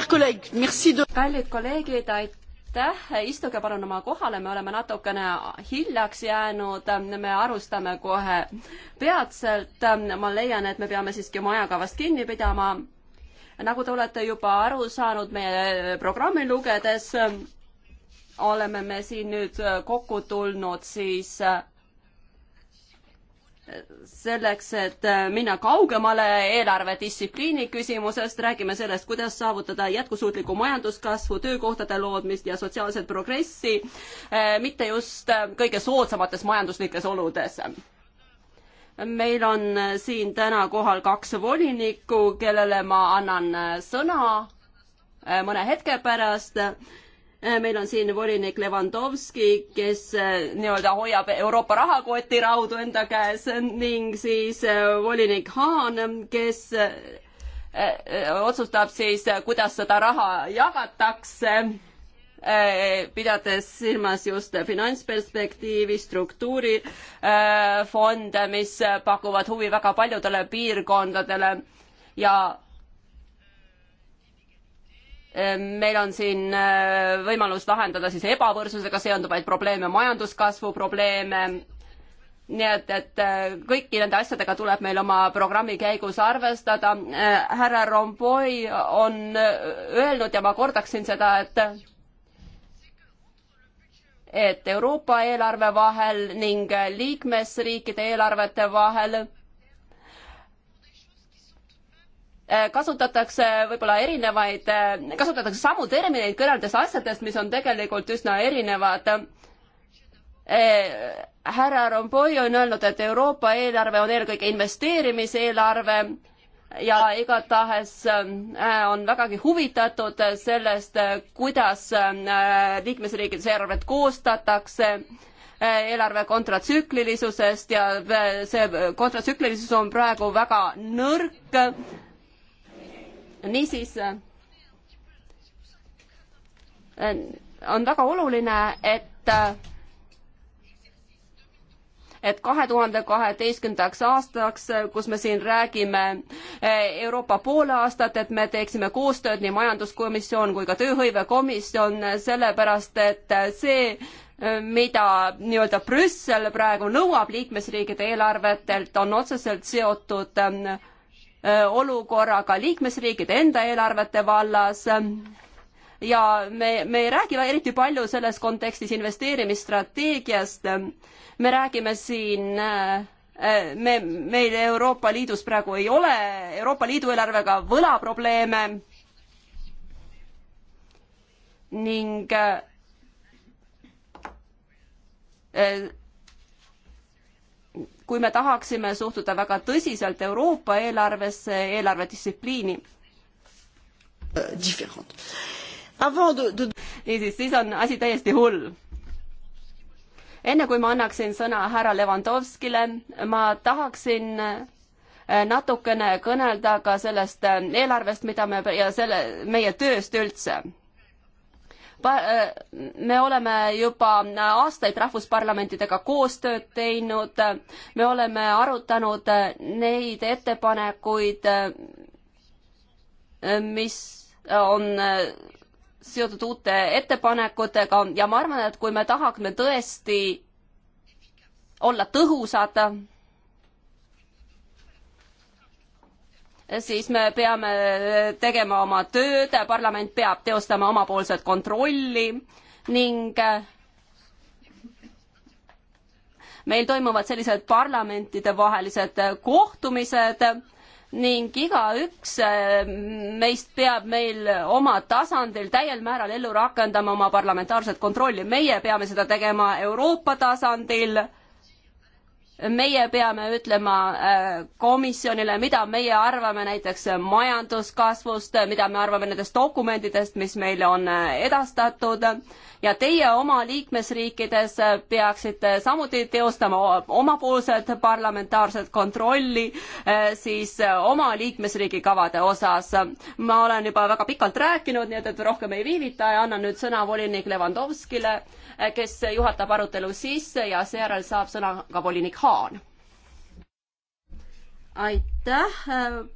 kallid kolleegid, aitäh, istuge palun oma kohale, me oleme natukene hiljaks jäänud, me alustame kohe peatselt. ma leian, et me peame siiski oma ajakavast kinni pidama. nagu te olete juba aru saanud meie programmi lugedes, oleme me siin nüüd kokku tulnud siis selleks, et äh, minna kaugemale eelarvedistsipliini küsimusest, räägime sellest, kuidas saavutada jätkusuutlikku majanduskasvu, töökohtade loodmist ja sotsiaalset progressi, äh, mitte just äh, kõige soodsamates majanduslikes oludes. meil on siin täna kohal kaks volinikku, kellele ma annan sõna mõne hetke pärast Äh, meil on siin volinik Levandovski, kes äh, nii-öelda hoiab Euroopa rahakoti raudu enda käes ning siis äh, volinik Haan, kes otsustab siis, kuidas seda raha jagatakse, pidades silmas just finantsperspektiivi, struktuurifonde, mis pakuvad huvi väga paljudele piirkondadele ja Ehm, meil on siin äh, võimalus lahendada siis ebavõrdsusega seonduvaid probleeme, majanduskasvu probleeme, nii et, et äh, kõiki nende asjadega tuleb meil oma programmi käigus arvestada. Äh, härra Rompoi on öelnud ja ma kordaksin seda, et et Euroopa eelarve vahel ning liikmesriikide eelarvete vahel Äh, kasutatakse võib-olla erinevaid, äh, kasutatakse samu termineid kõrvaldes asjadest, mis on tegelikult üsna erinevad. Äh, härra Rompoi on öelnud, et Euroopa eelarve on eelkõige investeerimiseelarve ja igatahes on vägagi huvitatud sellest, kuidas liikmesriikides eelarvet koostatakse eelarve kontratsüklilisusest ja see kontratsüklilisus on praegu väga nõrk niisiis äh, on väga oluline, et äh, et kahe tuhande kaheteistkümnendaks aastaks, kus me siin räägime äh, Euroopa poole aastat, et me teeksime koostööd nii majanduskomisjon kui ka tööhõivekomisjon, sellepärast et see, mida nii-öelda Brüssel praegu nõuab liikmesriikide eelarvetelt, on otseselt seotud äh, Äh, olukorraga liikmesriikide enda eelarvete vallas ja me, me ei räägi eriti palju selles kontekstis investeerimisstrateegiast, me räägime siin äh, me, meil Euroopa Liidus praegu ei ole Euroopa Liidu eelarvega võlaprobleeme ning äh, kui me tahaksime suhtuda väga tõsiselt Euroopa eelarvesse, eelarvedistsipliini. niisiis, siis on asi täiesti hull enne kui ma annaksin sõna härra Levandovskile, ma tahaksin eh, natukene kõnelda ka sellest eh, eelarvest, mida me ja selle, meie tööst üldse. Äh, me oleme juba aastaid rahvusparlamentidega koostööd teinud, me oleme arutanud äh, neid ettepanekuid, äh, mis on seotud uute ettepanekutega ja ma arvan, et kui me tahame tõesti olla tõhusad, siis me peame äh, tegema oma tööd, parlament peab teostama omapoolset kontrolli ning äh, meil toimuvad sellised parlamentidevahelised äh, kohtumised ning igaüks meist peab meil oma tasandil täiel määral ellu rakendama oma parlamentaarset kontrolli. meie peame seda tegema Euroopa tasandil meie peame ütlema äh, komisjonile, mida meie arvame näiteks majanduskasvust, mida me arvame nendest dokumentidest, mis meile on äh, edastatud ja teie oma liikmesriikides äh, peaksite samuti teostama omapoolset parlamentaarset kontrolli äh, siis äh, oma liikmesriigi kavade osas. ma olen juba väga pikalt rääkinud, nii et, et rohkem ei viivita ja annan nüüd sõna volinik Levandovskile, kes juhatab arutelu sisse ja seejärel saab sõna ka volinik Haan aitäh,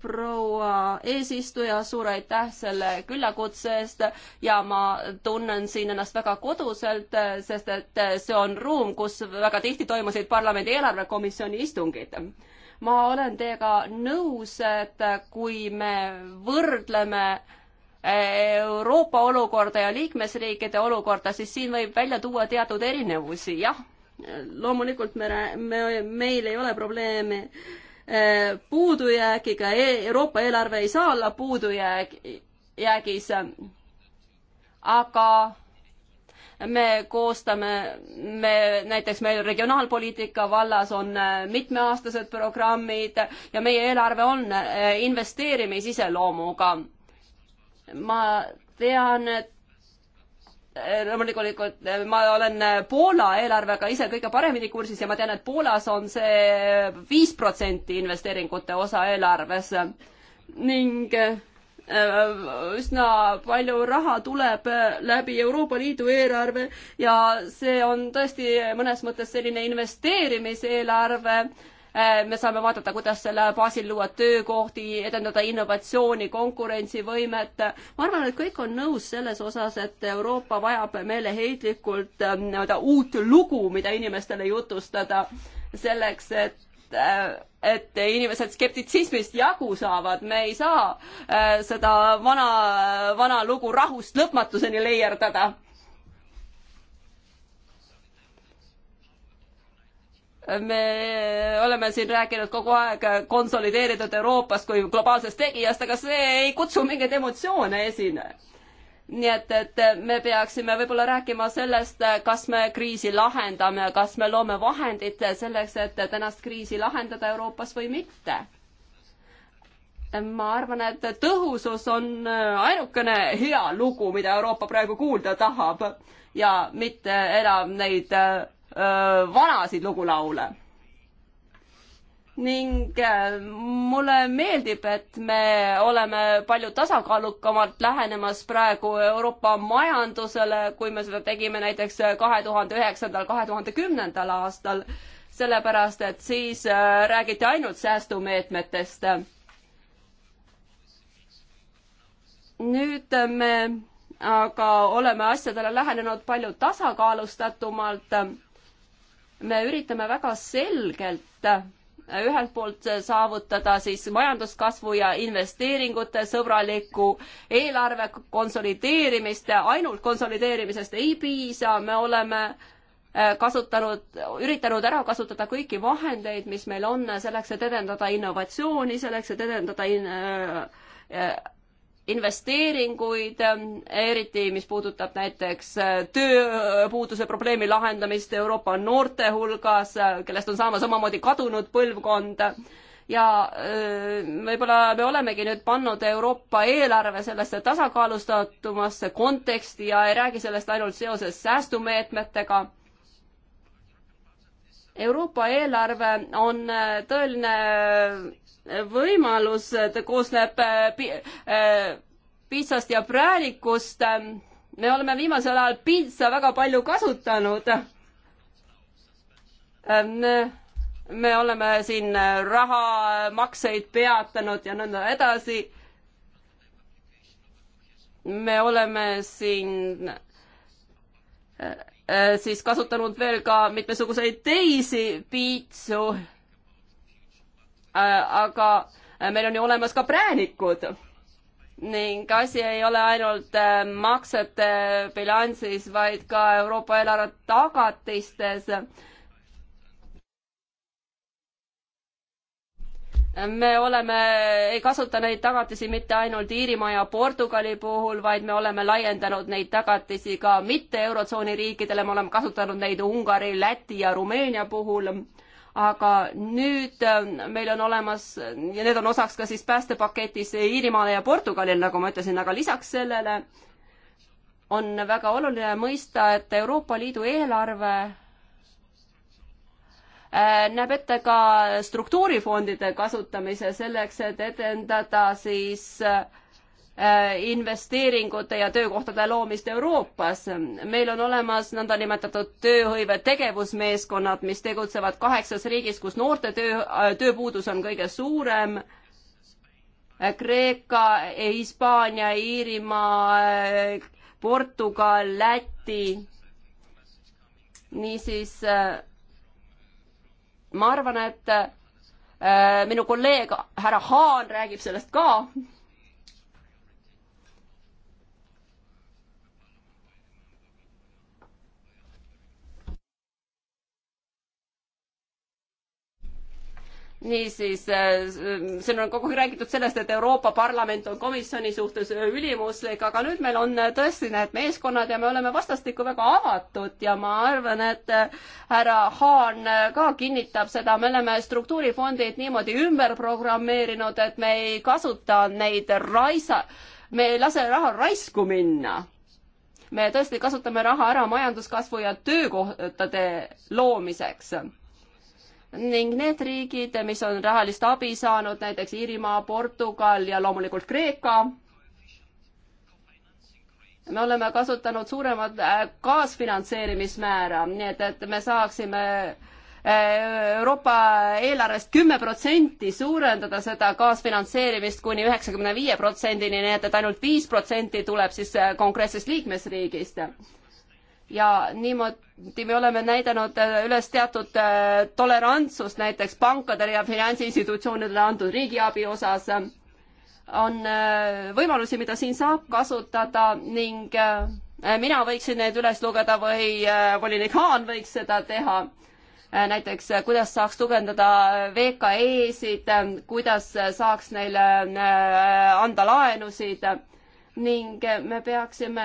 proua eesistuja, suur aitäh selle küllakutse eest ja ma tunnen siin ennast väga koduselt, sest et see on ruum, kus väga tihti toimusid parlamendi eelarvekomisjoni istungid. ma olen teiega nõus, et kui me võrdleme Euroopa olukorda ja liikmesriikide olukorda, siis siin võib välja tuua teatud erinevusi, jah. loomulikult me, me, meil ei ole probleeme äh, puudujäägiga, e-, Euroopa eelarve ei saa olla puudujääg, jäägis. aga me koostame, me näiteks meil regionaalpoliitika vallas on äh, mitmeaastased programmid ja meie eelarve on äh, investeerimisiseloomuga. ma tean, et Eh, loomulikult eh, ma olen eh, Poola eelarvega ise kõige paremini kursis ja ma tean, et Poolas on see viis protsenti investeeringute osa eelarves ning üsna palju raha tuleb läbi Euroopa Liidu eelarve ja see on tõesti mõnes mõttes selline investeerimiseelarve Äh, me saame vaadata, kuidas selle baasil luua töökohti, edendada innovatsiooni, konkurentsivõimet. ma arvan, et kõik on nõus selles osas, et Euroopa vajab meeleheitlikult äh, nii-öelda uut lugu, mida inimestele jutustada selleks, et äh, et inimesed skeptitsismist jagu saavad, me ei saa seda vana, vana lugu rahust lõpmatuseni leierdada me oleme siin rääkinud kogu aeg konsolideeritud Euroopast kui globaalsest tegijast, aga see ei kutsu mingeid emotsioone esine. nii et, et me peaksime võib-olla rääkima sellest, kas me kriisi lahendame, kas me loome vahendid selleks, et tänast kriisi lahendada Euroopas või mitte. ma arvan, et tõhusus on ainukene hea lugu, mida Euroopa praegu kuulda tahab ja mitte enam neid Äh, vanasid lugulaule. ning äh, mulle meeldib, et me oleme palju tasakaalukamalt lähenemas praegu Euroopa majandusele, kui me seda tegime näiteks kahe tuhande üheksandal, kahe tuhande kümnendal aastal, sellepärast et siis äh, räägiti ainult säästumeetmetest nüüd me aga oleme asjadele lähenenud palju tasakaalustatumalt me üritame väga selgelt äh, ühelt poolt saavutada siis majanduskasvu ja investeeringute sõbralikku eelarve konsolideerimist, ainult konsolideerimisest ei piisa, me oleme äh, kasutanud, üritanud ära kasutada kõiki vahendeid, mis meil on selleks, et edendada innovatsiooni, selleks, et edendada in-, äh, investeeringuid, ähm, eriti mis puudutab näiteks äh, tööpuuduse probleemi lahendamist Euroopa noorte hulgas, äh, kellest on saamas omamoodi kadunud põlvkond. ja äh, võib-olla me olemegi nüüd pannud Euroopa eelarve sellesse tasakaalustatumasse konteksti ja ei räägi sellest ainult seoses säästumeetmetega Euroopa eelarve on tõeline võimalus koosneb äh, piitsast äh, ja präänikust. me oleme viimasel ajal piitsa väga palju kasutanud. me oleme siin rahamakseid peatanud ja nõnda edasi. me oleme siin äh, siis kasutanud veel ka mitmesuguseid teisi piitsu Äh, aga äh, meil on ju olemas ka präänikud ning asi ei ole ainult äh, maksete bilansis, vaid ka Euroopa eelarve tagatistes me oleme, ei kasuta neid tagatisi mitte ainult Iirimaa ja Portugali puhul, vaid me oleme laiendanud neid tagatisi ka mitte Eurotsooni riikidele, me oleme kasutanud neid Ungari, Läti ja Rumeenia puhul aga nüüd äh, meil on olemas ja need on osaks ka siis päästepaketis Iirimaale ja Portugalile, nagu ma ütlesin, aga lisaks sellele on väga oluline mõista, et Euroopa Liidu eelarve äh, näeb ette ka struktuurifondide kasutamise selleks, et edendada siis äh, Äh, investeeringute ja töökohtade loomist Euroopas. meil on olemas nõndanimetatud tööhõive tegevusmeeskonnad, mis tegutsevad kaheksas riigis, kus noorte töö, äh, tööpuudus on kõige suurem. Kreeka, Hispaania, Iirimaa, äh, Portugal, Läti. niisiis ma arvan, et minu kolleeg härra Haan räägib sellest ka niisiis, äh, siin on kogu aeg räägitud sellest, et Euroopa Parlament on komisjoni suhtes äh, ülimuslik, aga nüüd meil on äh, tõesti need meeskonnad ja me oleme vastastikku väga avatud ja ma arvan, et härra Haan ka kinnitab seda, me oleme struktuurifondid niimoodi ümber programmeerinud, et me ei kasuta neid raisa, me ei lase raha raisku minna me tõesti kasutame raha ära majanduskasvu ja töökohtade loomiseks ning need riigid, mis on rahalist abi saanud, näiteks Iirimaa, Portugal ja loomulikult Kreeka, me oleme kasutanud suuremat äh, kaasfinantseerimismäära, nii et, et me saaksime äh, Euroopa eelarvest kümme protsenti suurendada seda kaasfinantseerimist kuni üheksakümne viie protsendini, nii et, et ainult viis protsenti tuleb siis äh, konkreetsest liikmesriigist ja niimoodi me oleme näidanud äh, üles teatud äh, tolerantsust näiteks pankadele ja finantsinstitutsioonidele antud riigiabi osas. on äh, võimalusi, mida siin saab kasutada ning mina võiksin need üles lugeda või volinik Haan võiks seda teha. näiteks, kuidas saaks tugevdada VKE-sid, kuidas saaks neile anda laenusid ning me peaksime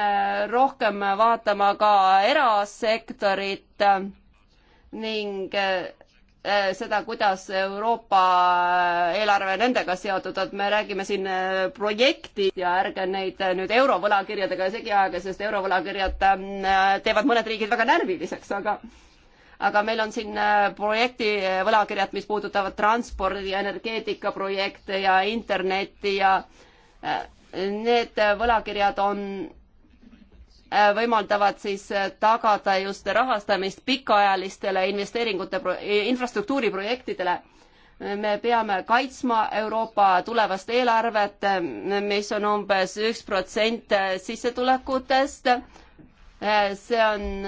rohkem vaatama ka erasektorit ning eh, seda, kuidas Euroopa eelarve nendega seotud, et me räägime siin eh, projekti ja ärge neid eh, nüüd eurovõlakirjadega segi ajage, sest eurovõlakirjad teevad mõned riigid väga närviliseks, aga aga meil on siin projekti võlakirjad, mis puudutavad transpordi ja energeetikaprojekte ja internetti ja Need võlakirjad on, äh, võimaldavad siis äh, tagada just rahastamist pikaajalistele investeeringute, infrastruktuuriprojektidele me peame kaitsma Euroopa tulevast eelarvet, äh, mis on umbes üks protsent sissetulekutest. see on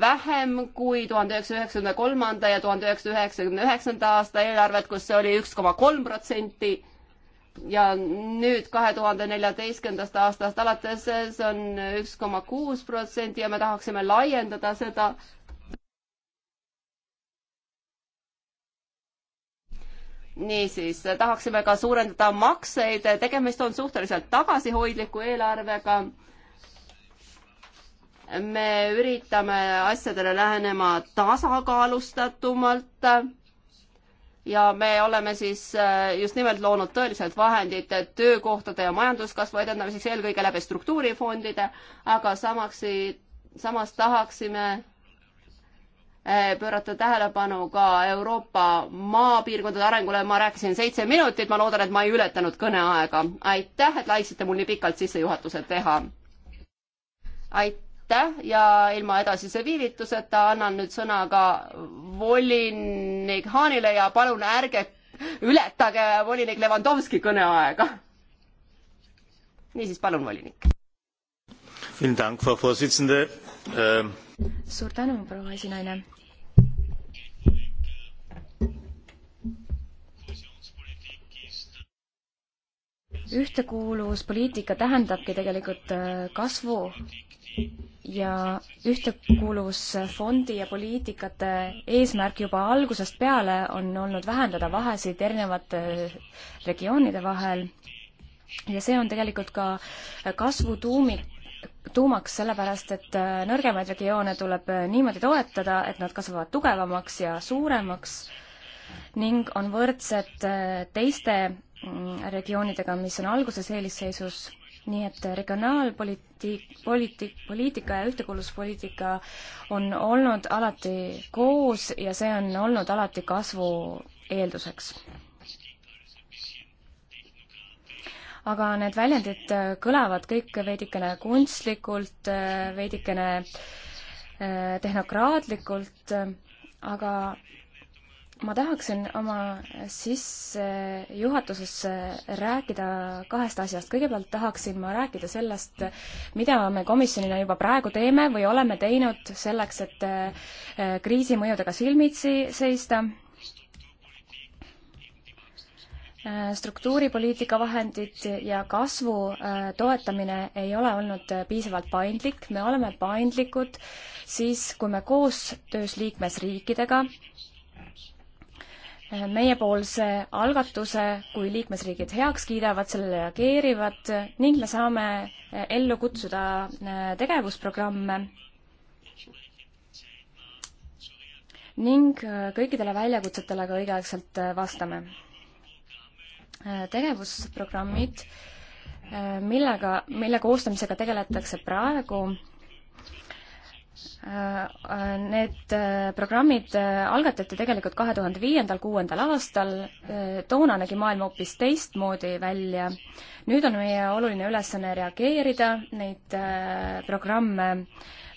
vähem kui tuhande üheksasaja üheksakümne kolmanda ja tuhande üheksasaja üheksakümne üheksanda aasta eelarvet, kus see oli üks koma kolm protsenti ja nüüd kahe tuhande neljateistkümnendast aastast alates see on üks koma kuus protsenti ja me tahaksime laiendada seda niisiis, tahaksime ka suurendada makseid, tegemist on suhteliselt tagasihoidliku eelarvega. me üritame asjadele lähenema tasakaalustatumalt ja me oleme siis äh, just nimelt loonud tõeliselt vahendid töökohtade ja majanduskasvu edendamiseks eelkõige läbi struktuurifondide, aga samaks, samas tahaksime äh, pöörata tähelepanu ka Euroopa maapiirkondade arengule, ma rääkisin seitse minutit, ma loodan, et ma ei ületanud kõneaega. aitäh, et lasite mul nii pikalt sissejuhatuse teha. aitäh aitäh ja ilma edasise viivituseta annan nüüd sõna ka volinik Haanile ja palun ärge ületage volinik Levandovski kõneaega. niisiis, palun, volinik. Ähm, suur tänu, proua esinaine. ühtekuuluvuspoliitika tähendabki tegelikult äh, kasvu ja ühtekuuluvusfondi ja poliitikate eesmärk juba algusest peale on olnud vähendada vahesid erinevate äh, regioonide vahel ja see on tegelikult ka kasvu tuumik, tuumaks, sellepärast et äh, nõrgemaid regioone tuleb äh, niimoodi toetada, et nad kasvavad tugevamaks ja suuremaks ning on võrdsed teiste mm, regioonidega, mis on alguses eelisseisus nii et regionaalpoliitik, poliitik, poliitika ja ühtekuuluvuspoliitika on olnud alati koos ja see on olnud alati kasvu eelduseks. aga need väljendid kõlavad kõik veidikene kunstlikult, veidikene eh, tehnokraatlikult, aga ma tahaksin oma sissejuhatuses rääkida kahest asjast. kõigepealt tahaksin ma rääkida sellest, mida me komisjonina juba praegu teeme või oleme teinud selleks, et äh, kriisi mõjudega silmitsi seista. Äh, struktuuripoliitika vahendid ja kasvu äh, toetamine ei ole olnud piisavalt paindlik, me oleme paindlikud siis, kui me koostöös liikmesriikidega meiepoolse algatuse, kui liikmesriigid heaks kiidavad, sellele reageerivad ning me saame eh, ellu kutsuda eh, tegevusprogramme ning eh, kõikidele väljakutsetele ka õigeaegselt vastame. tegevusprogrammid, millega, mille koostamisega tegeletakse praegu, Äh, äh, need äh, programmid algatati tegelikult kahe tuhande viiendal, kuuendal aastal, toona nägi maailm hoopis teistmoodi välja. nüüd on meie oluline ülesanne reageerida, neid programme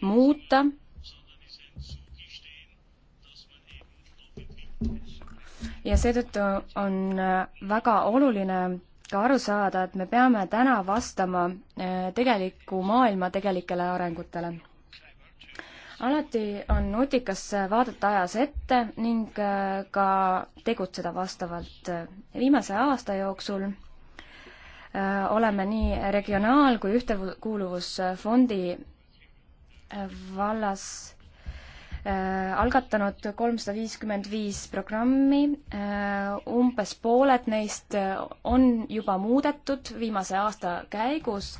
muuta. ja seetõttu on väga oluline ka aru saada, et me peame täna vastama tegeliku maailma tegelikele arengutele alati on nutikas vaadata ajas ette ning äh, ka tegutseda vastavalt. viimase aasta jooksul äh, oleme nii regionaal- kui ühtekuuluvusfondi äh, vallas algatanud kolmsada viiskümmend viis programmi, umbes pooled neist on juba muudetud viimase aasta käigus,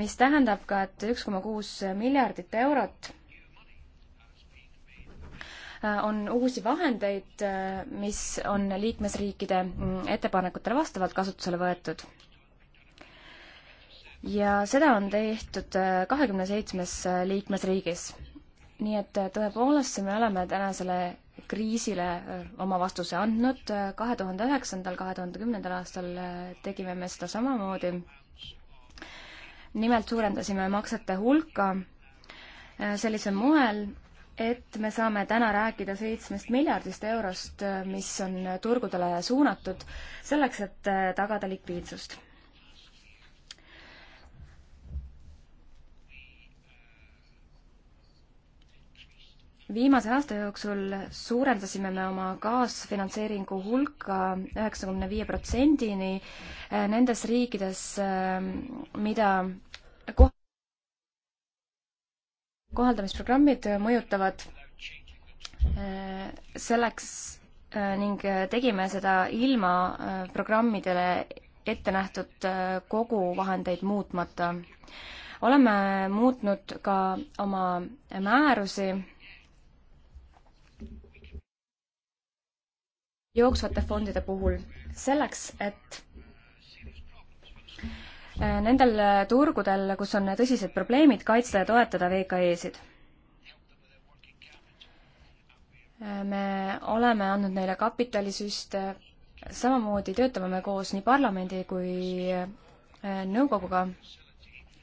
mis tähendab ka, et üks koma kuus miljardit eurot Äh, on uusi vahendeid, äh, mis on liikmesriikide mm, ettepanekutele vastavalt kasutusele võetud. ja seda on tehtud äh, kahekümne seitsmes liikmesriigis. nii et tõepoolest, me oleme tänasele kriisile oma vastuse andnud. kahe tuhande üheksandal, kahe tuhande kümnendal aastal tegime me seda samamoodi. nimelt suurendasime maksete hulka sellisel moel, et me saame täna rääkida seitsmest miljardist eurost, mis on turgudele suunatud, selleks, et äh, tagada likviidsust. viimase aasta jooksul suurendasime me oma kaasfinantseeringu hulka üheksakümne viie protsendini äh, nendes riikides, äh, mida koht-, kohaldamisprogrammid mõjutavad äh, selleks äh, ning äh, tegime seda ilma programmidele ette nähtud koguvahendeid muutmata. oleme muutnud ka oma määrusi jooksvate fondide puhul selleks, et Äh, nendel äh, turgudel, kus on tõsised probleemid, kaitsta ja toetada VKE-sid. Äh, me oleme andnud neile kapitalisüste, samamoodi töötame me koos nii parlamendi kui nõukoguga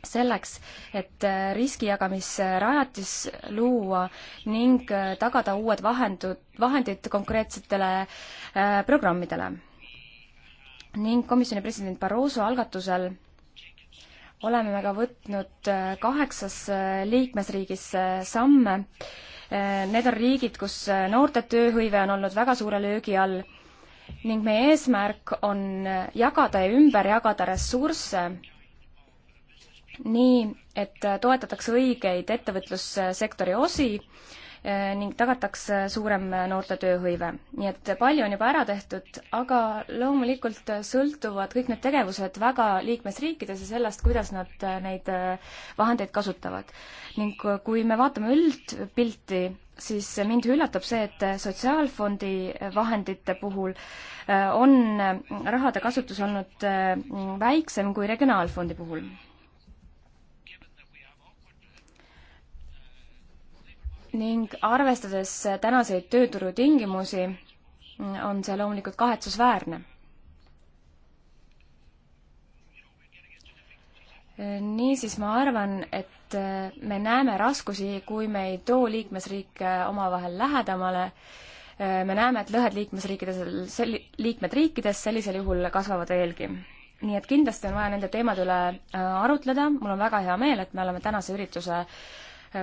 selleks, et riskijagamisrajatis luua ning tagada uued vahendud, vahendid konkreetsetele programmidele. ning komisjoni president Barroso algatusel oleme me ka võtnud äh, kaheksas äh, liikmesriigis äh, samme. Need on riigid, kus noorte tööhõive on olnud väga suure löögi all ning meie eesmärk on jagada ja ümber jagada ressursse nii, et toetatakse õigeid ettevõtlussektori osi Eh, ning tagatakse eh, suurem eh, noorte tööhõive. nii et palju on juba ära tehtud, aga loomulikult sõltuvad kõik need tegevused väga liikmesriikides ja sellest, kuidas nad neid vahendeid kasutavad. ning kui me vaatame üldpilti, siis mind üllatab see, et Sotsiaalfondi vahendite puhul on rahade kasutus olnud väiksem kui Regionaalfondi puhul ning arvestades tänaseid tööturutingimusi, on see loomulikult kahetsusväärne. niisiis ma arvan, et me näeme raskusi, kui me ei too liikmesriike omavahel lähedamale. me näeme, et lõhed liikmesriikides, liikmed riikides sellisel juhul kasvavad veelgi. nii et kindlasti on vaja nende teemade üle äh, arutleda, mul on väga hea meel, et me oleme tänase ürituse äh,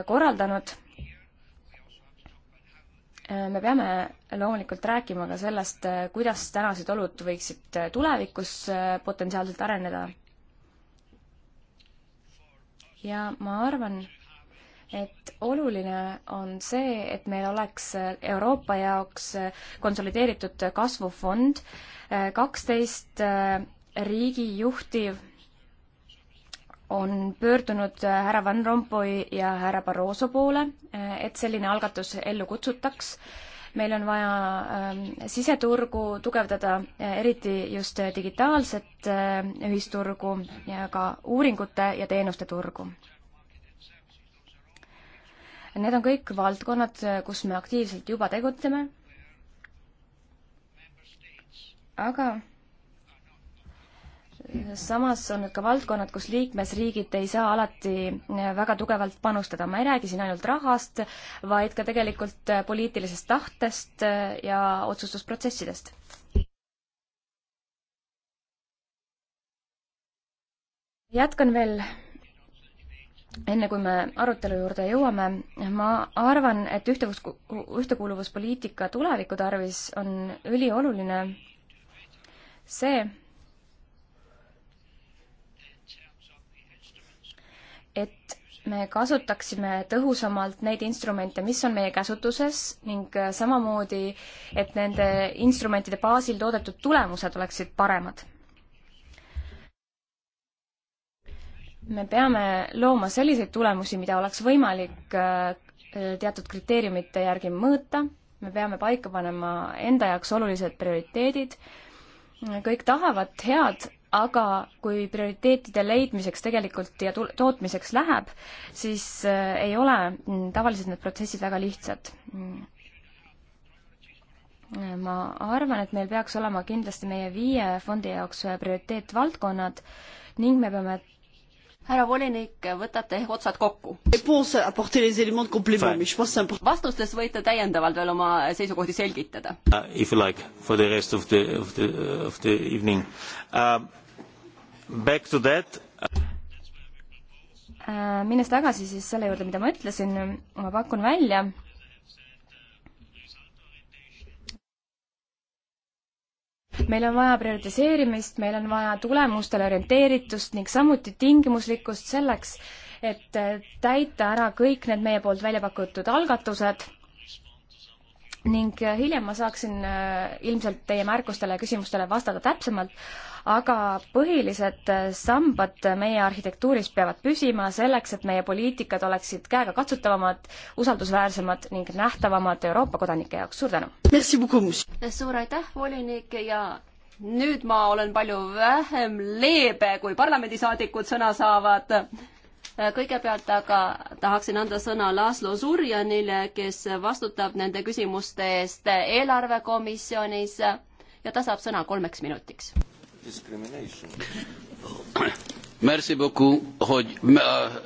korraldanud Äh, me peame loomulikult rääkima ka sellest, äh, kuidas tänased olud võiksid äh, tulevikus potentsiaalselt areneda. ja ma arvan, et oluline on see, et meil oleks Euroopa jaoks konsolideeritud kasvufond, kaksteist riigi juhtiv on pöördunud äh, härra Van Rompuy ja härra Barroso poole, äh, et selline algatus ellu kutsutaks. meil on vaja ähm, siseturgu tugevdada, äh, eriti just digitaalset ühisturgu ja ka uuringute ja teenuste turgu. Need on kõik valdkonnad, kus me aktiivselt juba tegutseme. aga samas on ka valdkonnad, kus liikmesriigid ei saa alati eh, väga tugevalt panustada, ma ei räägi siin ainult rahast, vaid ka tegelikult eh, poliitilisest tahtest eh, ja otsustusprotsessidest. jätkan veel enne kui me arutelu juurde jõuame, ma arvan, et ühtevus, ühtekuuluvuspoliitika tuleviku tarvis on ülioluline see, et me kasutaksime tõhusamalt neid instrumente, mis on meie käsutuses ning äh, samamoodi, et nende instrumentide baasil toodetud tulemused oleksid paremad. me peame looma selliseid tulemusi, mida oleks võimalik äh, teatud kriteeriumite järgi mõõta, me peame paika panema enda jaoks olulised prioriteedid, kõik tahavad head, aga kui prioriteetide leidmiseks tegelikult ja tootmiseks läheb, siis äh, ei ole mm, tavaliselt need protsessid väga lihtsad. Mm. ma arvan, et meil peaks olema kindlasti meie viie fondi jaoks äh, prioriteetvaldkonnad ning me peame härra volinik, võtate otsad kokku. vastustes võite täiendavalt veel oma seisukohti selgitada uh,. If you like, for the rest of the, of the, uh, of the evening uh,. Back to that. Äh, minnes tagasi siis selle juurde, mida ma ütlesin, ma pakun välja, meil on vaja prioritiseerimist, meil on vaja tulemustele orienteeritust ning samuti tingimuslikkust selleks, et täita ära kõik need meie poolt välja pakutud algatused ning äh, hiljem ma saaksin äh, ilmselt teie märkustele ja küsimustele vastata täpsemalt, aga põhilised äh, sambad meie arhitektuuris peavad püsima selleks, et meie poliitikad oleksid käegakatsutavamad, usaldusväärsemad ning nähtavamad Euroopa kodanike jaoks, suur tänu! suur aitäh, volinik ja nüüd ma olen palju vähem leebe, kui parlamendisaadikud sõna saavad Äh, kõigepealt aga tahaksin anda sõna Laslo Surjanile, kes vastutab nende küsimuste eest eelarvekomisjonis ja ta saab sõna kolmeks minutiks. Merci beaucoup, hogy äh,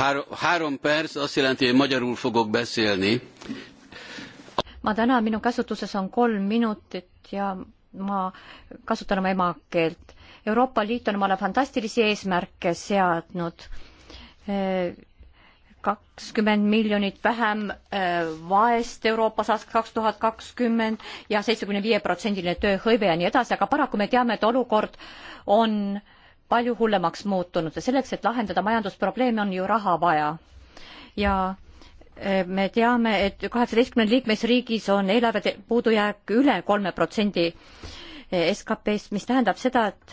három, három perc azt jelenti, hogy magyarul fogok beszélni. ma tänan, minu käsutuses on kolm minutit ja ma kasutan oma emakeelt Euroopa Liit on omale fantastilisi eesmärke seadnud. kakskümmend miljonit vähem äh, vaest Euroopas aastaks kaks tuhat kakskümmend ja seitsmekümne viie protsendiline tööhõive ja nii edasi, aga paraku me teame, et olukord on palju hullemaks muutunud ja selleks, et lahendada majandusprobleeme, on ju raha vaja. ja äh, me teame, et kaheksateistkümnel liikmesriigis on eelarve puudujääk üle kolme protsendi SKP-st, mis tähendab seda, et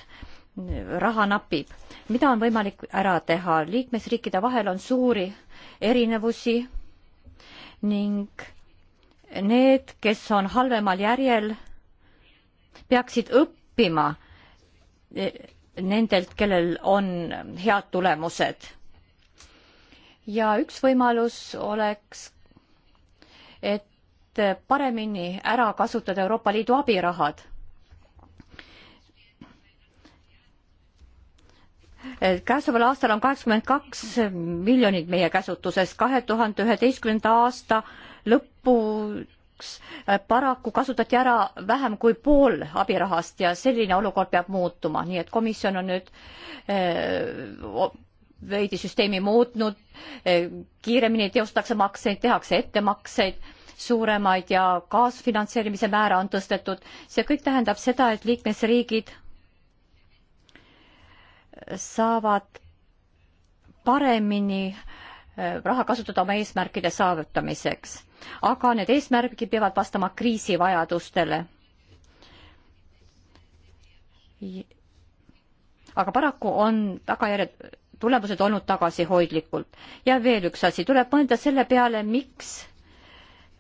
raha napib. mida on võimalik ära teha? liikmesriikide vahel on suuri erinevusi ning need, kes on halvemal järjel, peaksid õppima nendelt, kellel on head tulemused. ja üks võimalus oleks, et paremini ära kasutada Euroopa Liidu abirahad käesoleval aastal on kaheksakümmend kaks miljonit meie käsutuses, kahe tuhande üheteistkümnenda aasta lõpuks äh, paraku kasutati ära vähem kui pool abirahast ja selline olukord peab muutuma, nii et komisjon on nüüd äh, veidi süsteemi muutnud, äh, kiiremini teostatakse makseid, tehakse ettemakseid suuremaid ja kaasfinantseerimise määra on tõstetud. see kõik tähendab seda, et liikmesriigid saavad paremini äh, raha kasutada oma eesmärkide saavutamiseks. aga need eesmärgid peavad vastama kriisivajadustele. aga paraku on tagajärjed, tulemused olnud tagasihoidlikult. ja veel üks asi, tuleb mõelda selle peale, miks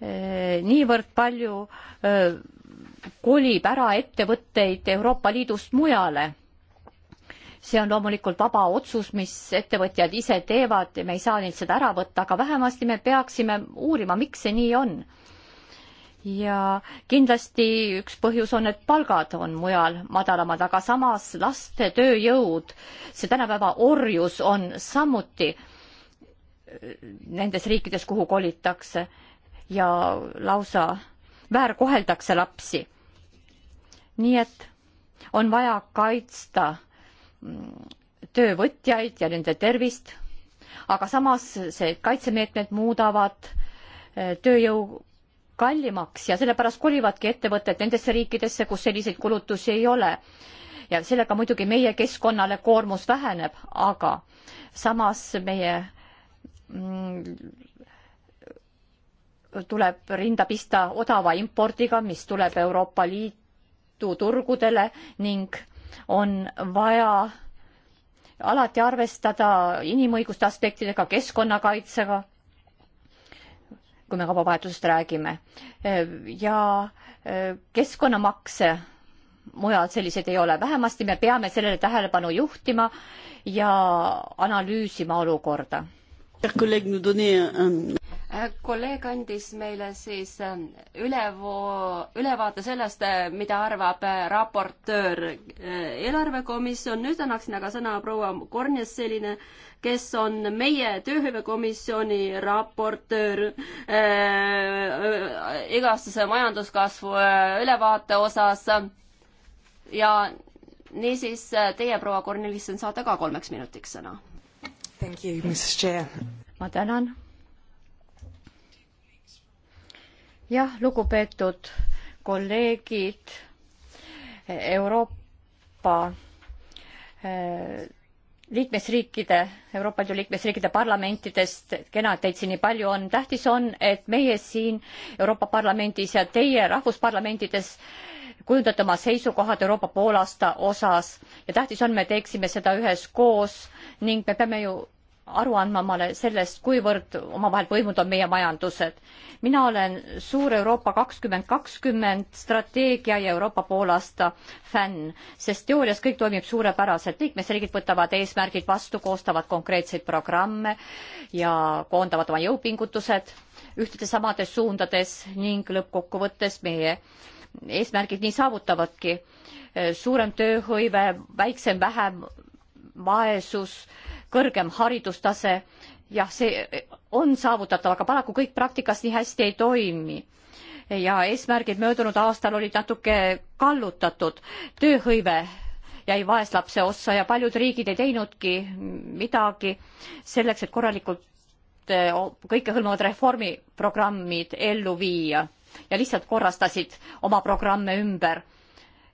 äh, niivõrd palju äh, kolib ära ettevõtteid Euroopa Liidust mujale see on loomulikult vaba otsus, mis ettevõtjad ise teevad ja me ei saa neilt seda ära võtta, aga vähemasti me peaksime uurima, miks see nii on. ja kindlasti üks põhjus on, et palgad on mujal madalamad, aga samas laste tööjõud, see tänapäeva orjus on samuti nendes riikides, kuhu kolitakse ja lausa väärkoheldakse lapsi. nii et on vaja kaitsta töövõtjaid ja nende tervist, aga samas see kaitsemeetmed muudavad eh, tööjõu kallimaks ja sellepärast kolivadki ettevõtted nendesse riikidesse, kus selliseid kulutusi ei ole. ja sellega muidugi meie keskkonnale koormus väheneb, aga samas meie mm, tuleb rinda pista odava impordiga, mis tuleb Euroopa Liidu turgudele ning on vaja alati arvestada inimõiguste aspektidega, keskkonnakaitsega, kui me kaubavahetusest räägime. ja e, keskkonnamakse mujal selliseid ei ole, vähemasti me peame sellele tähelepanu juhtima ja analüüsima olukorda kolleeg andis meile siis äh, ülevoo, ülevaate sellest, äh, mida arvab äh, raportöör eelarvekomisjon. nüüd annaksin aga sõna proua Kornjaseline, kes on meie tööhõivekomisjoni raportöör äh, igastuse majanduskasvu ülevaate osas. ja niisiis teie, proua Kornelisson, saate ka kolmeks minutiks sõna. ma tänan jah, lugupeetud kolleegid, Euroopa eh, liikmesriikide, Euroopa Liidu liikmesriikide parlamentidest, kena, et teid siin nii palju on, tähtis on, et meie siin Euroopa Parlamendis ja teie rahvusparlamentides kujundate oma seisukohad Euroopa poolaasta osas ja tähtis on, me teeksime seda üheskoos ning me peame ju aru andma omale sellest, kuivõrd omavahel põimunud on meie majandused. mina olen suur Euroopa kakskümmend kakskümmend strateegia ja Euroopa poolaasta fänn, sest teoorias kõik toimib suurepäraselt, liikmesriigid võtavad eesmärgid vastu, koostavad konkreetseid programme ja koondavad oma jõupingutused ühtedes samades suundades ning lõppkokkuvõttes meie eesmärgid nii saavutavadki suurem tööhõive, väiksem vähem vaesus kõrgem haridustase. jah, see on saavutatav, aga paraku kõik praktikas nii hästi ei toimi ja eesmärgid möödunud aastal olid natuke kallutatud. tööhõive jäi vaeslapse ossa ja paljud riigid ei teinudki midagi selleks, et korralikult eh, kõikehõlmavad reformiprogrammid ellu viia ja lihtsalt korrastasid oma programme ümber.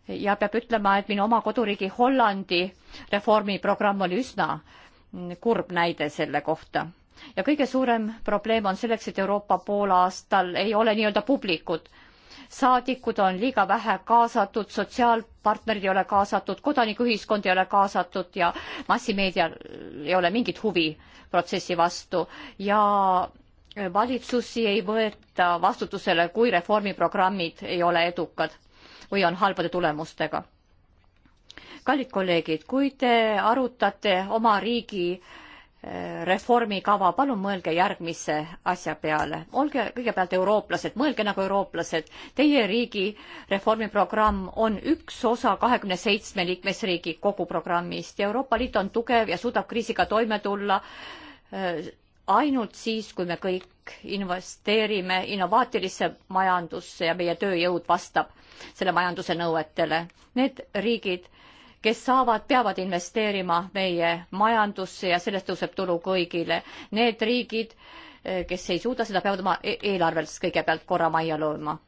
ja peab ütlema, et minu oma koduriigi Hollandi reformiprogramm oli üsna kurb näide selle kohta. ja kõige suurem probleem on selleks, et Euroopa poolaastal ei ole nii-öelda publikut. saadikud on liiga vähe kaasatud, sotsiaalpartnerid ei ole kaasatud, kodanikuühiskond ei ole kaasatud ja massimeedial ei ole mingit huvi protsessi vastu ja valitsusi ei võeta vastutusele, kui reformiprogrammid ei ole edukad või on halbade tulemustega kallid kolleegid, kui te arutate oma riigi eh, reformikava, palun mõelge järgmise asja peale. olge kõigepealt eurooplased, mõelge nagu eurooplased. Teie riigi reformiprogramm on üks osa kahekümne seitsme liikmesriigi kogu programmist ja Euroopa Liit on tugev ja suudab kriisiga toime tulla eh, ainult siis, kui me kõik investeerime innovaatilisse majandusse ja meie tööjõud vastab selle majanduse nõuetele. Need riigid kes saavad, peavad investeerima meie majandusse ja sellest tõuseb tulu kõigile. Need riigid, eh, kes ei suuda seda, peavad oma e-, eelarvelt kõigepealt korra majja lööma.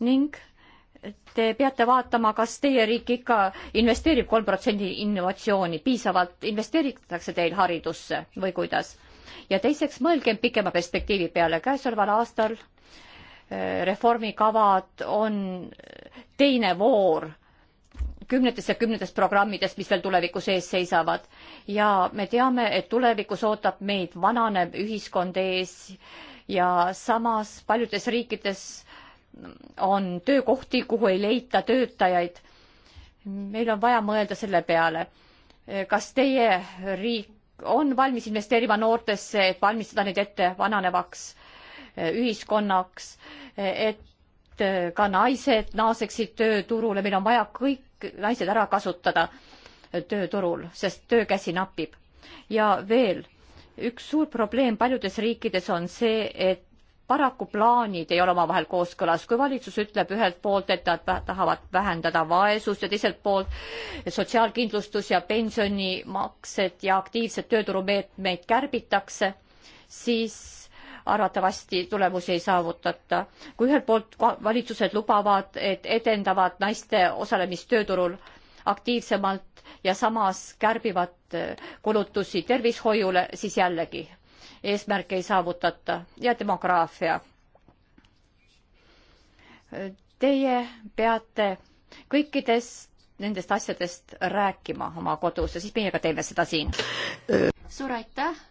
ning te peate vaatama, kas teie riik ikka investeerib kolm protsendi innovatsiooni, piisavalt investeeritakse teil haridusse või kuidas? ja teiseks mõelgem pikema perspektiivi peale, käesoleval aastal eh, reformikavad on teine voor kümnetes ja kümnetes programmides, mis veel tulevikus ees seisavad. ja me teame, et tulevikus ootab meid vananev ühiskond ees ja samas paljudes riikides on töökohti, kuhu ei leita töötajaid. meil on vaja mõelda selle peale, kas teie riik on valmis investeerima noortesse, et valmistada neid ette vananevaks eh, ühiskonnaks, eh, et eh, ka naised naaseksid tööturule, meil on vaja kõik naised ära kasutada tööturul, sest töökäsi napib. ja veel, üks suur probleem paljudes riikides on see, et paraku plaanid ei ole omavahel kooskõlas, kui valitsus ütleb ühelt poolt, et nad tahavad vähendada vaesust ja teiselt poolt sotsiaalkindlustus ja pensionimaksed ja aktiivsed tööturumeetmeid kärbitakse, siis arvatavasti tulemusi ei saavutata. kui ühelt poolt valitsused lubavad, et edendavad naiste osalemist tööturul aktiivsemalt ja samas kärbivad eh, kulutusi tervishoiule, siis jällegi eesmärke ei saavutata ja demograafia. Teie peate kõikidest nendest asjadest rääkima oma kodus ja siis meie ka teeme seda siin. suur aitäh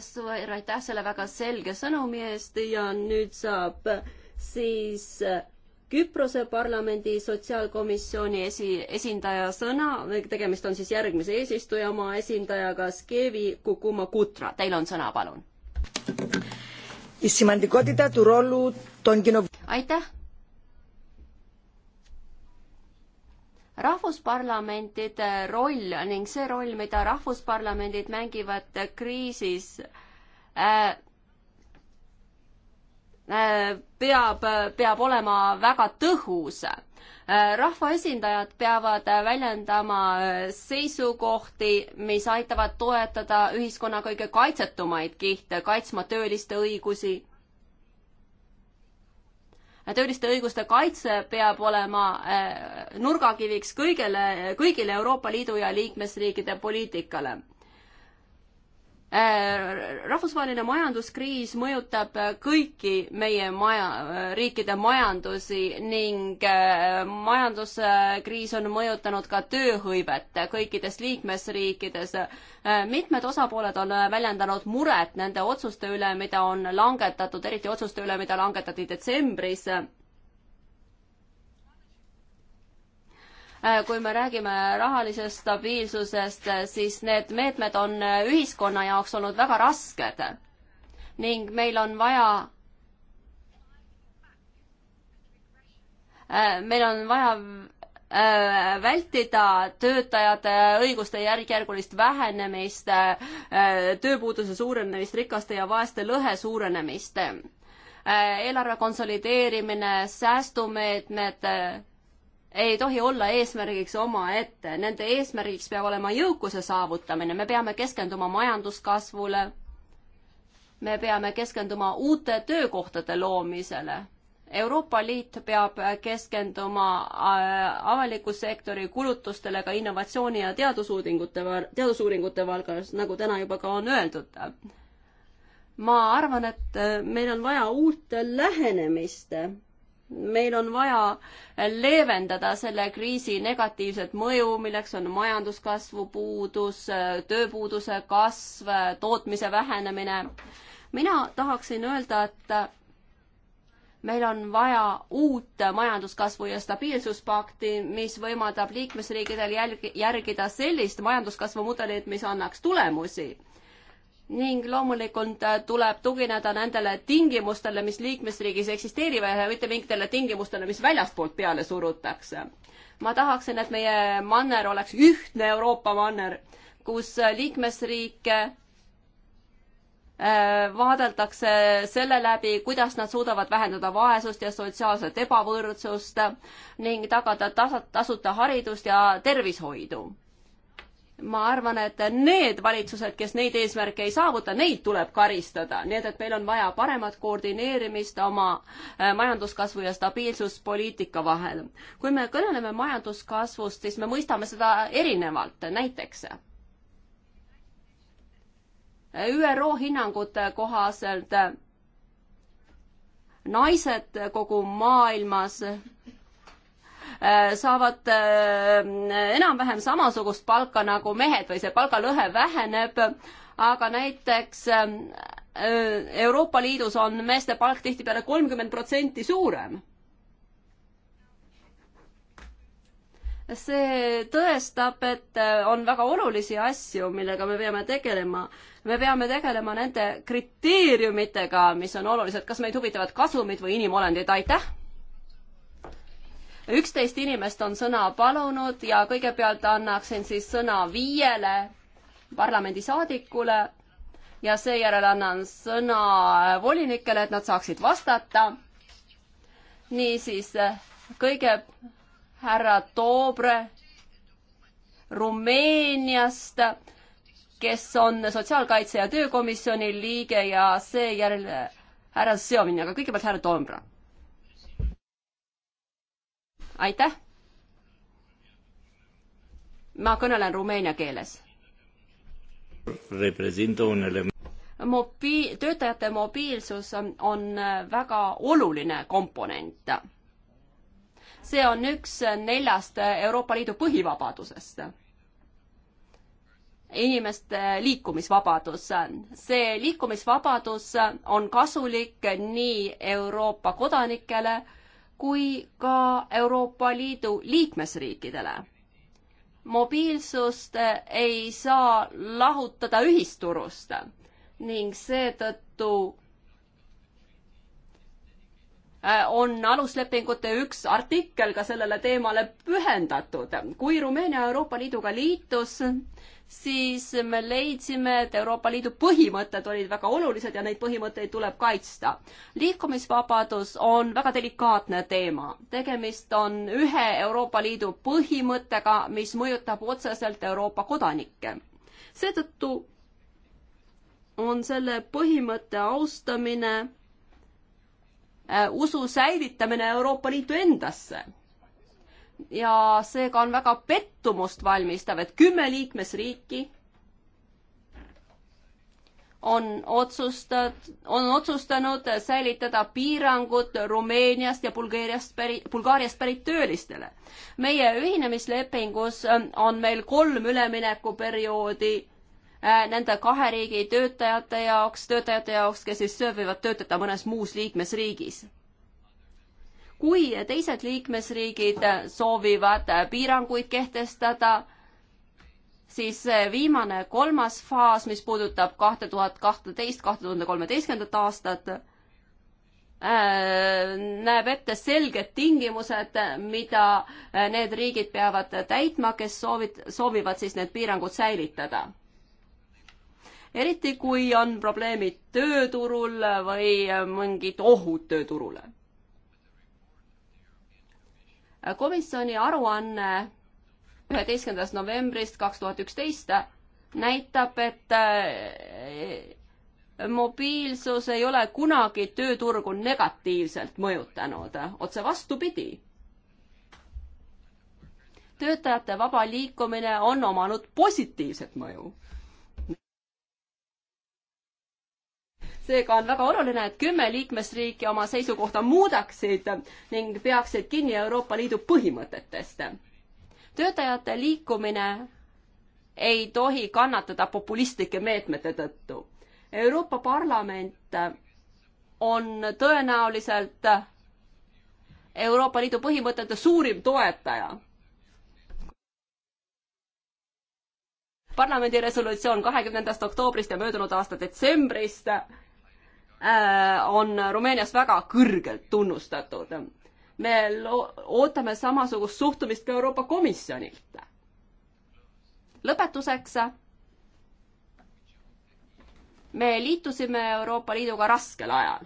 suur aitäh selle väga selge sõnumi eest ja nüüd saab siis äh, Küprose parlamendi sotsiaalkomisjoni esi, esindaja sõna, tegemist on siis järgmise eesistujamaa esindajaga, Skevi Kukuma Kutra, teil on sõna, palun. aitäh rahvusparlamentide roll ning see roll, mida rahvusparlamendid mängivad kriisis äh,, äh, peab, peab olema väga tõhus äh,. rahvaesindajad peavad väljendama äh, seisukohti, mis aitavad toetada ühiskonna kõige kaitsetumaid kihte, kaitsma tööliste õigusi tööliste õiguste kaitse peab olema äh, nurgakiviks kõigele, kõigile Euroopa Liidu ja liikmesriikide poliitikale Äh, rahvusvaheline majanduskriis mõjutab äh, kõiki meie maja, äh, riikide majandusi ning majanduskriis on mõjutanud ka tööhõivet kõikides liikmesriikides. mitmed osapooled on väljendanud muret nende otsuste üle, mida on langetatud, eriti otsuste üle, mida langetati detsembris Äh, kui me räägime rahalisest stabiilsusest, äh, siis need meetmed on äh, ühiskonna jaoks olnud väga rasked ning meil on vaja meil on vaja vältida töötajate õiguste järk-järgulist vähenemist, tööpuuduse suurenemist, rikaste ja vaeste lõhe suurenemist, eelarve konsolideerimine, säästumeetmed ei tohi olla eesmärgiks omaette, nende eesmärgiks peab olema jõukuse saavutamine, me peame keskenduma majanduskasvule, me peame keskenduma uute töökohtade loomisele. Euroopa Liit peab keskenduma äh, avaliku sektori kulutustele ka innovatsiooni ja teadusuuringute, teadusuuringute valgas, nagu täna juba ka on öeldud. ma arvan, et äh, meil on vaja uut lähenemist meil on vaja leevendada selle kriisi negatiivset mõju, milleks on majanduskasvu puudus, tööpuuduse kasv, tootmise vähenemine. mina tahaksin öelda, et meil on vaja uut majanduskasvu ja stabiilsuspakti, mis võimaldab liikmesriikidel jälg-, järgida sellist majanduskasvu mudelit, mis annaks tulemusi ning loomulikult äh, tuleb tugineda nendele tingimustele, mis liikmesriigis eksisteerivad ja mitte mingitele tingimustele, mis väljastpoolt peale surutakse. ma tahaksin, et meie manner oleks ühtne Euroopa manner, kus liikmesriike äh, vaadeldakse selle läbi, kuidas nad suudavad vähendada vaesust ja sotsiaalset ebavõrdsust ning tagada tasuta haridust ja tervishoidu ma arvan, et need valitsused, kes neid eesmärke ei saavuta, neid tuleb karistada, nii et, et meil on vaja paremat koordineerimist oma äh, majanduskasvu ja stabiilsuspoliitika vahel. kui me kõneleme majanduskasvust, siis me mõistame seda erinevalt, näiteks ÜRO hinnangute kohaselt naised kogu maailmas Äh, saavad äh, enam-vähem samasugust palka nagu mehed või see palgalõhe väheneb, aga näiteks äh, Euroopa Liidus on meeste palk tihtipeale kolmkümmend protsenti suurem. see tõestab, et on väga olulisi asju, millega me peame tegelema. me peame tegelema nende kriteeriumitega, mis on olulised, kas meid huvitavad kasumid või inimolendid, aitäh! üksteist inimest on sõna palunud ja kõigepealt annaksin siis sõna viiele parlamendisaadikule ja seejärel annan sõna volinikele, et nad saaksid vastata. niisiis kõige härra Toobre Rumeeniast, kes on Sotsiaalkaitse ja Töökomisjoni liige ja seejärel härra Seomin, aga kõigepealt härra Toombra aitäh. ma kõnelen rumeenia keeles. mobiil, töötajate mobiilsus on, on väga oluline komponent. see on üks neljast Euroopa Liidu põhivabadusest inimeste liikumisvabadus. see liikumisvabadus on kasulik nii Euroopa kodanikele kui ka Euroopa Liidu liikmesriikidele. mobiilsust ei saa lahutada ühisturust ning seetõttu Äh, on aluslepingute üks artikkel ka sellele teemale pühendatud. kui Rumeenia Euroopa Liiduga liitus, siis me leidsime, et Euroopa Liidu põhimõtted olid väga olulised ja neid põhimõtteid tuleb kaitsta. liikumisvabadus on väga delikaatne teema. tegemist on ühe Euroopa Liidu põhimõttega, mis mõjutab otseselt Euroopa kodanikke. seetõttu on selle põhimõtte austamine Äh, usu säilitamine Euroopa Liitu endasse. ja seega on väga pettumust valmistav, et kümme liikmesriiki on otsustad-, on otsustanud säilitada piirangud Rumeeniast ja Bulgaariast päri-, Bulgaariast pärit töölistele. meie ühinemislepingus on meil kolm üleminekuperioodi Äh, nende kahe riigi töötajate jaoks, töötajate jaoks, kes siis soovivad töötada mõnes muus liikmesriigis. kui teised liikmesriigid soovivad piiranguid kehtestada, siis viimane, kolmas faas, mis puudutab kahte tuhat kahteteist, kahe tuhande kolmeteistkümnendat aastat, äh, näeb ette selged tingimused, mida äh, need riigid peavad täitma, kes soovid, soovivad siis need piirangud säilitada eriti kui on probleemid tööturul või mingid ohud tööturule. komisjoni aruanne üheteistkümnendast novembrist kaks tuhat üksteist näitab, et eh, mobiilsus ei ole kunagi tööturgu negatiivselt mõjutanud, otse vastupidi. töötajate vaba liikumine on omanud positiivset mõju seega on väga oluline, et kümme liikmesriiki oma seisukohta muudaksid ning peaksid kinni Euroopa Liidu põhimõtetest. töötajate liikumine ei tohi kannatada populistlike meetmete tõttu. Euroopa Parlament on tõenäoliselt Euroopa Liidu põhimõtete suurim toetaja parlamendi resolutsioon kahekümnendast oktoobrist ja möödunud aasta detsembrist Äh, on Rumeenias väga kõrgelt tunnustatud. me ootame samasugust suhtumist ka Euroopa Komisjonilt. lõpetuseks. me liitusime Euroopa Liiduga raskel ajal.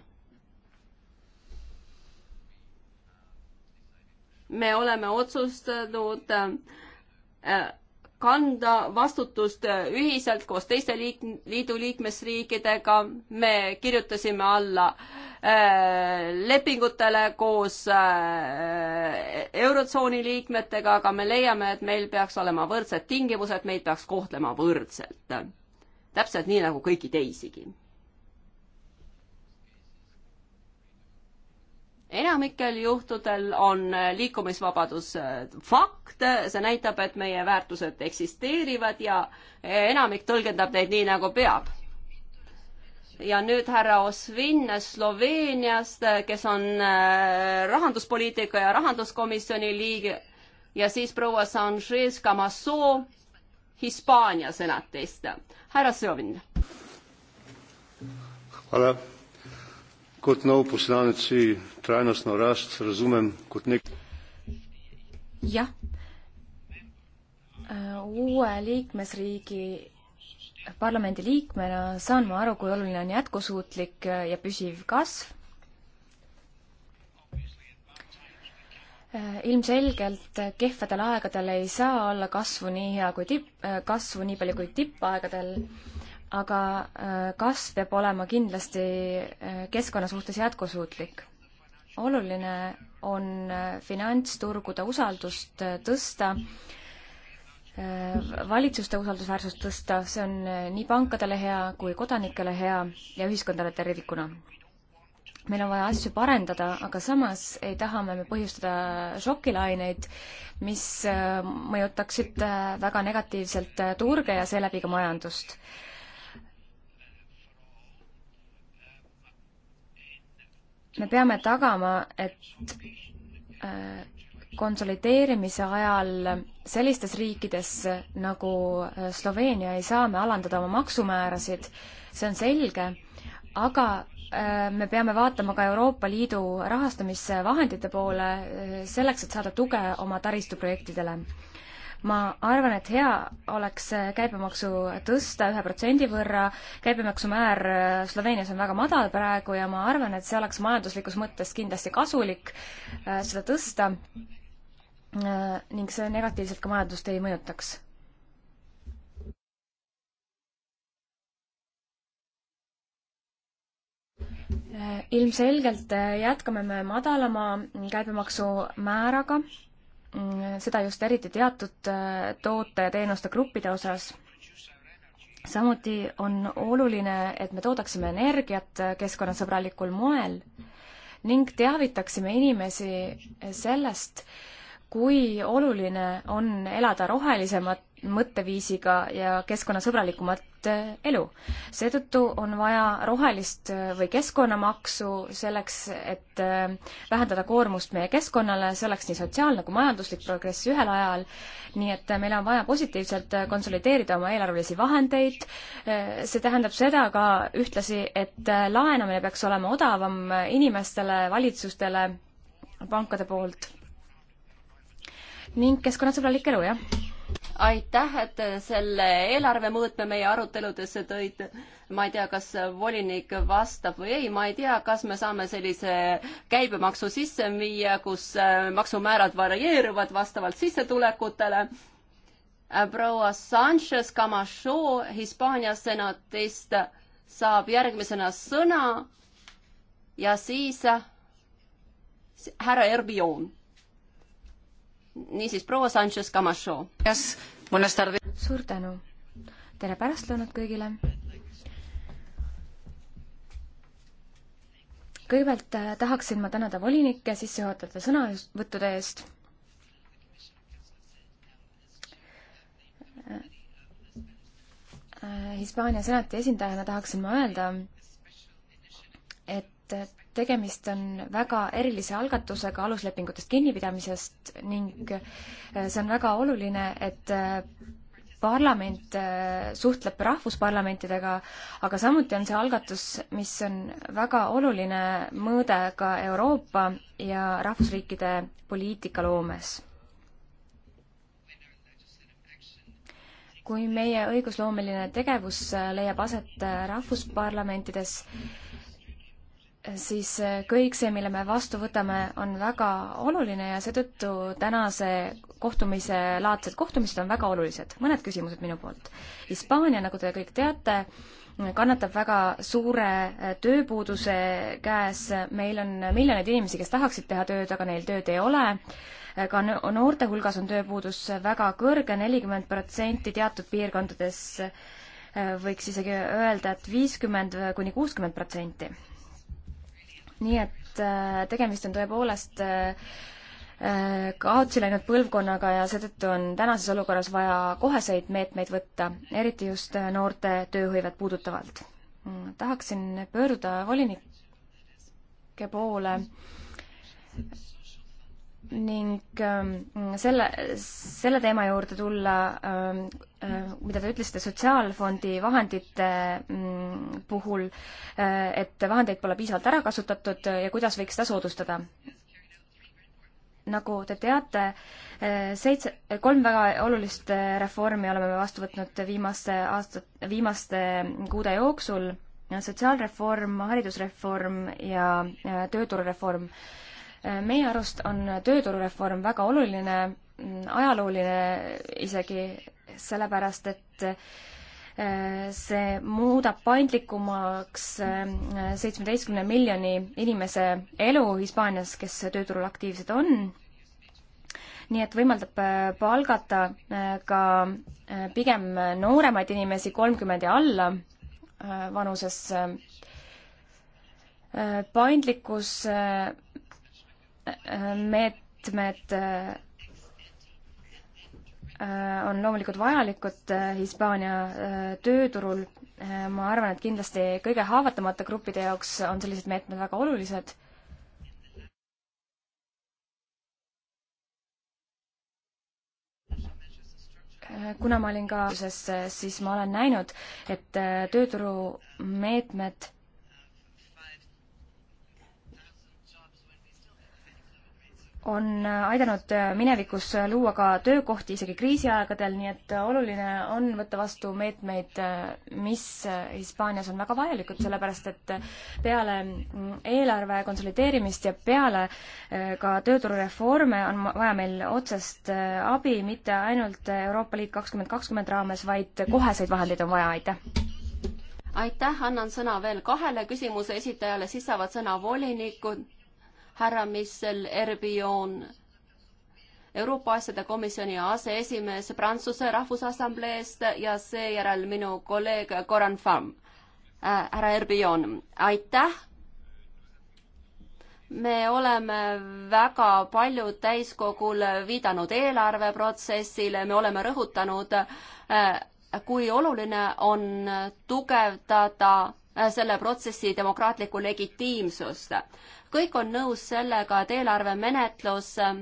me oleme otsustanud äh, kanda vastutust äh, ühiselt koos teiste liik-, liidu liikmesriikidega, me kirjutasime alla äh, lepingutele koos äh, Eurotsooni liikmetega, aga me leiame, et meil peaks olema võrdsed tingimused, meid peaks kohtlema võrdselt. täpselt nii, nagu kõiki teisigi enamikel juhtudel on äh, liikumisvabadus äh, fakt, see näitab, et meie väärtused eksisteerivad ja äh, enamik tõlgendab neid nii, nagu peab. ja nüüd härra Osvin Sloveeniast, kes on rahanduspoliitika ja rahanduskomisjoni liige ja siis proua Sanchez Camasso Hispaania senatist. härra Sõovin. Hvala. Kot nov poslanec si trajnostno rast razumem kot nek. jah, äh, uue liikmesriigi parlamendi liikmena saan ma aru, kui oluline on jätkusuutlik äh, ja püsiv kasv. Äh, ilmselgelt kehvadel aegadel ei saa olla kasvu nii hea kui tipp, kasvu nii palju kui tippaegadel, aga kasv peab olema kindlasti keskkonna suhtes jätkusuutlik oluline on äh, finantsturgude usaldust äh, tõsta, äh, valitsuste usaldusväärsust tõsta, see on nii pankadele hea kui kodanikele hea ja ühiskondadele tervikuna. meil on vaja asju parendada, aga samas ei taha me põhjustada šokilaineid, mis mõjutaksid väga negatiivselt turge ja seeläbi ka majandust me peame tagama, et äh, konsolideerimise ajal sellistes riikides nagu äh, Sloveenia ei saa me alandada oma maksumäärasid, see on selge, aga äh, me peame vaatama ka Euroopa Liidu rahastamisvahendite poole selleks, et saada tuge oma taristuprojektidele ma arvan, et hea oleks äh, käibemaksu tõsta ühe protsendi võrra, käibemaksumäär äh, Sloveenias on väga madal praegu ja ma arvan, et see oleks majanduslikus mõttes kindlasti kasulik äh, seda tõsta ning see negatiivselt ka majandust ei mõjutaks. ilmselgelt jätkame me madalama käibemaksumääraga Mm, seda just eriti teatud äh, toote ja teenuste gruppide osas. samuti on oluline, et me toodaksime energiat äh, keskkonnasõbralikul moel ning teavitaksime inimesi sellest, kui oluline on elada rohelisemat mõtteviisiga ja keskkonnasõbralikumat eh, elu. seetõttu on vaja rohelist eh, või keskkonnamaksu selleks, et eh, vähendada koormust meie keskkonnale, see oleks nii sotsiaalne nagu kui majanduslik progress ühel ajal, nii et meil on vaja positiivselt konsolideerida oma eelarvelisi vahendeid, see tähendab seda ka ühtlasi, et laenamine peaks olema odavam inimestele, valitsustele, pankade poolt ning keskkonnasõbralik elu, jah. aitäh, et selle eelarve mõõtme meie aruteludesse tõid. ma ei tea, kas volinik vastab või ei, ma ei tea, kas me saame sellise käibemaksu sisse viia, kus äh, maksumäärad varieeruvad vastavalt sissetulekutele äh, proua Sanchez Camacho Hispaania senatist saab järgmisena sõna ja siis äh, härra Erbion niisiis, proua Sanchez Camacho. suur tänu. tere pärastlõunat kõigile. kõigepealt äh, tahaksin ma tänada volinikke sissejuhatajate sõnavõttude eest äh, Hispaania senati esindajana tahaksin ma öelda, et tegemist on väga erilise algatusega aluslepingutest kinnipidamisest ning äh, see on väga oluline, et äh, parlament äh, suhtleb rahvusparlamentidega, aga samuti on see algatus, mis on väga oluline mõõde ka Euroopa ja rahvusriikide poliitikaloomes kui meie õigusloomeline tegevus leiab aset rahvusparlamentides, siis kõik see, mille me vastu võtame, on väga oluline ja seetõttu tänase kohtumise, laadsed kohtumised on väga olulised. mõned küsimused minu poolt. Hispaania, nagu te kõik teate, kannatab väga suure tööpuuduse käes, meil on miljoneid inimesi, kes tahaksid teha tööd, aga neil tööd ei ole ka noorte hulgas on tööpuudus väga kõrge, nelikümmend protsenti teatud piirkondades võiks isegi öelda et, et viiskümmend kuni kuuskümmend protsenti nii et äh, tegemist on tõepoolest äh, äh, kaotsi läinud põlvkonnaga ja seetõttu on tänases olukorras vaja koheseid meetmeid võtta, eriti just noorte tööhõivet puudutavalt. Mm, tahaksin pöörduda volinike poole ning ähm, selle, selle teema juurde tulla, ähm, äh, mida te ütlesite Sotsiaalfondi vahendite mm, puhul, äh, et vahendeid pole piisavalt ära kasutatud äh, ja kuidas võiks seda soodustada? nagu te teate, seitse, kolm väga olulist reformi oleme me vastu võtnud viimaste aasta, viimaste kuude jooksul, sotsiaalreform, haridusreform ja tööturureform meie arust on tööturureform väga oluline, ajalooline isegi, sellepärast et äh, see muudab paindlikumaks äh, seitsmeteistkümne miljoni inimese elu Hispaanias, kes tööturul aktiivsed on. nii et võimaldab äh, palgata ka pigem nooremaid inimesi, kolmkümmend ja alla vanuses. paindlikkus meetmed äh, äh, on loomulikult vajalikud äh, Hispaania tööturul. ma arvan, et kindlasti kõige haavatavamate gruppide jaoks on sellised meetmed väga olulised. kuna ma olin ka, siis ma olen näinud, et tööturumeetmed on aidanud minevikus luua ka töökohti isegi kriisiaegadel, nii et oluline on võtta vastu meetmeid, mis Hispaanias on väga vajalikud, sellepärast et peale eelarve konsolideerimist ja peale eh, ka tööturureforme on vaja meil otsest eh, abi, mitte ainult Euroopa Liit kakskümmend kakskümmend raames, vaid koheseid vahendeid on vaja, aitäh! aitäh, annan sõna veel kahele küsimuse esitajale, siis saavad sõna volinikud härra Michel Herbion, Euroopa Asjade Komisjoni aseesimees Prantsuse Rahvusassambleest ja seejärel minu kolleeg Coran Farm. Äh, härra Herbion, aitäh! me oleme väga palju täiskogul viidanud eelarveprotsessile, me oleme rõhutanud, äh, kui oluline on tugevdada äh, selle protsessi demokraatlikku legitiimsust kõik on nõus sellega, et eelarvemenetlus äh,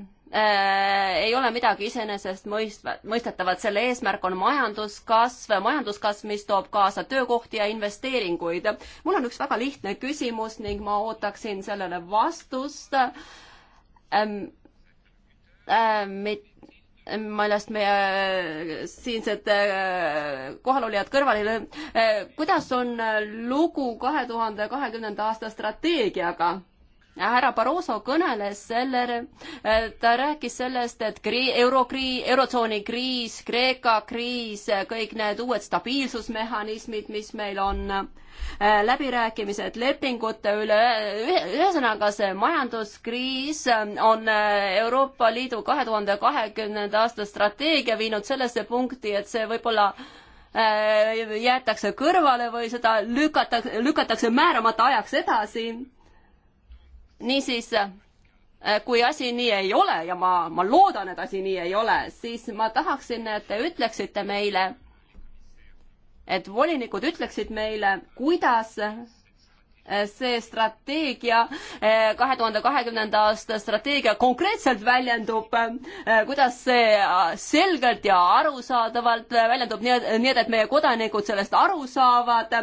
ei ole midagi iseenesestmõistvat, mõistetavat, selle eesmärk on majanduskasv, majanduskasv, mis toob kaasa töökohti ja investeeringuid. mul on üks väga lihtne küsimus ning ma ootaksin sellele vastust ähm,. Ähm, millest meie äh, siinsed äh, kohalolijad kõrval ei löö. kuidas on lugu kahe tuhande kahekümnenda aasta strateegiaga? härra Barroso kõneles sellele, äh, ta rääkis sellest, et kri-, eurokriis, eurotsooni kriis, Kreeka kriis, kõik need uued stabiilsusmehhanismid, mis meil on, äh, läbirääkimised lepingute üle, ühesõnaga see majanduskriis äh, on Euroopa Liidu kahe tuhande kahekümnenda aasta strateegia viinud sellesse punkti, et see võib-olla jäetakse kõrvale või seda lükatakse, lükatakse määramata ajaks edasi niisiis, äh, kui asi nii ei ole ja ma, ma loodan, et asi nii ei ole, siis ma tahaksin, et te ütleksite meile, et volinikud ütleksid meile, kuidas äh, see strateegia, äh, kahe tuhande kahekümnenda aasta strateegia konkreetselt väljendub, kuidas see selgelt ja arusaadavalt väljendub nii, nii et meie kodanikud sellest aru saavad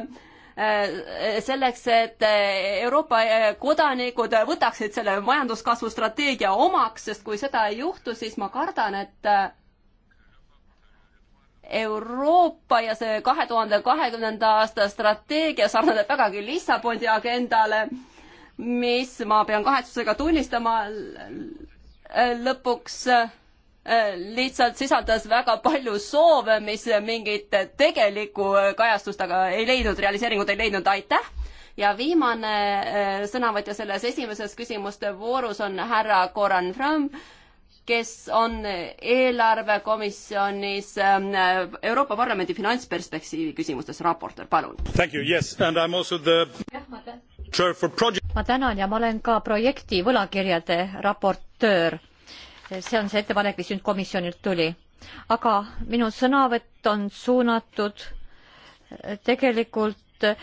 Äh, selleks, et äh, Euroopa äh, kodanikud võtaksid selle majanduskasvu strateegia omaks, sest kui seda ei juhtu, siis ma kardan, et Euroopa ja see kahe tuhande kahekümnenda aasta strateegia sarnaneb vägagi Lissaboni agendale, mis ma pean kahetsusega tunnistama, lõpuks Äh, lihtsalt sisaldas väga palju soove, mis mingit tegelikku kajastust aga ei leidnud, realiseeringut ei leidnud, aitäh! ja viimane äh, sõnavõtja selles esimeses küsimuste voorus on härra Goran Fram, kes on eelarvekomisjonis äh, Euroopa Parlamendi finantsperspektiivi küsimustes raportöör, palun. Yes, the... ma tänan ja ma olen ka projekti võlakirjade raportöör see on see ettepanek, mis nüüd komisjonilt tuli. aga minu sõnavõtt on suunatud tegelikult eh,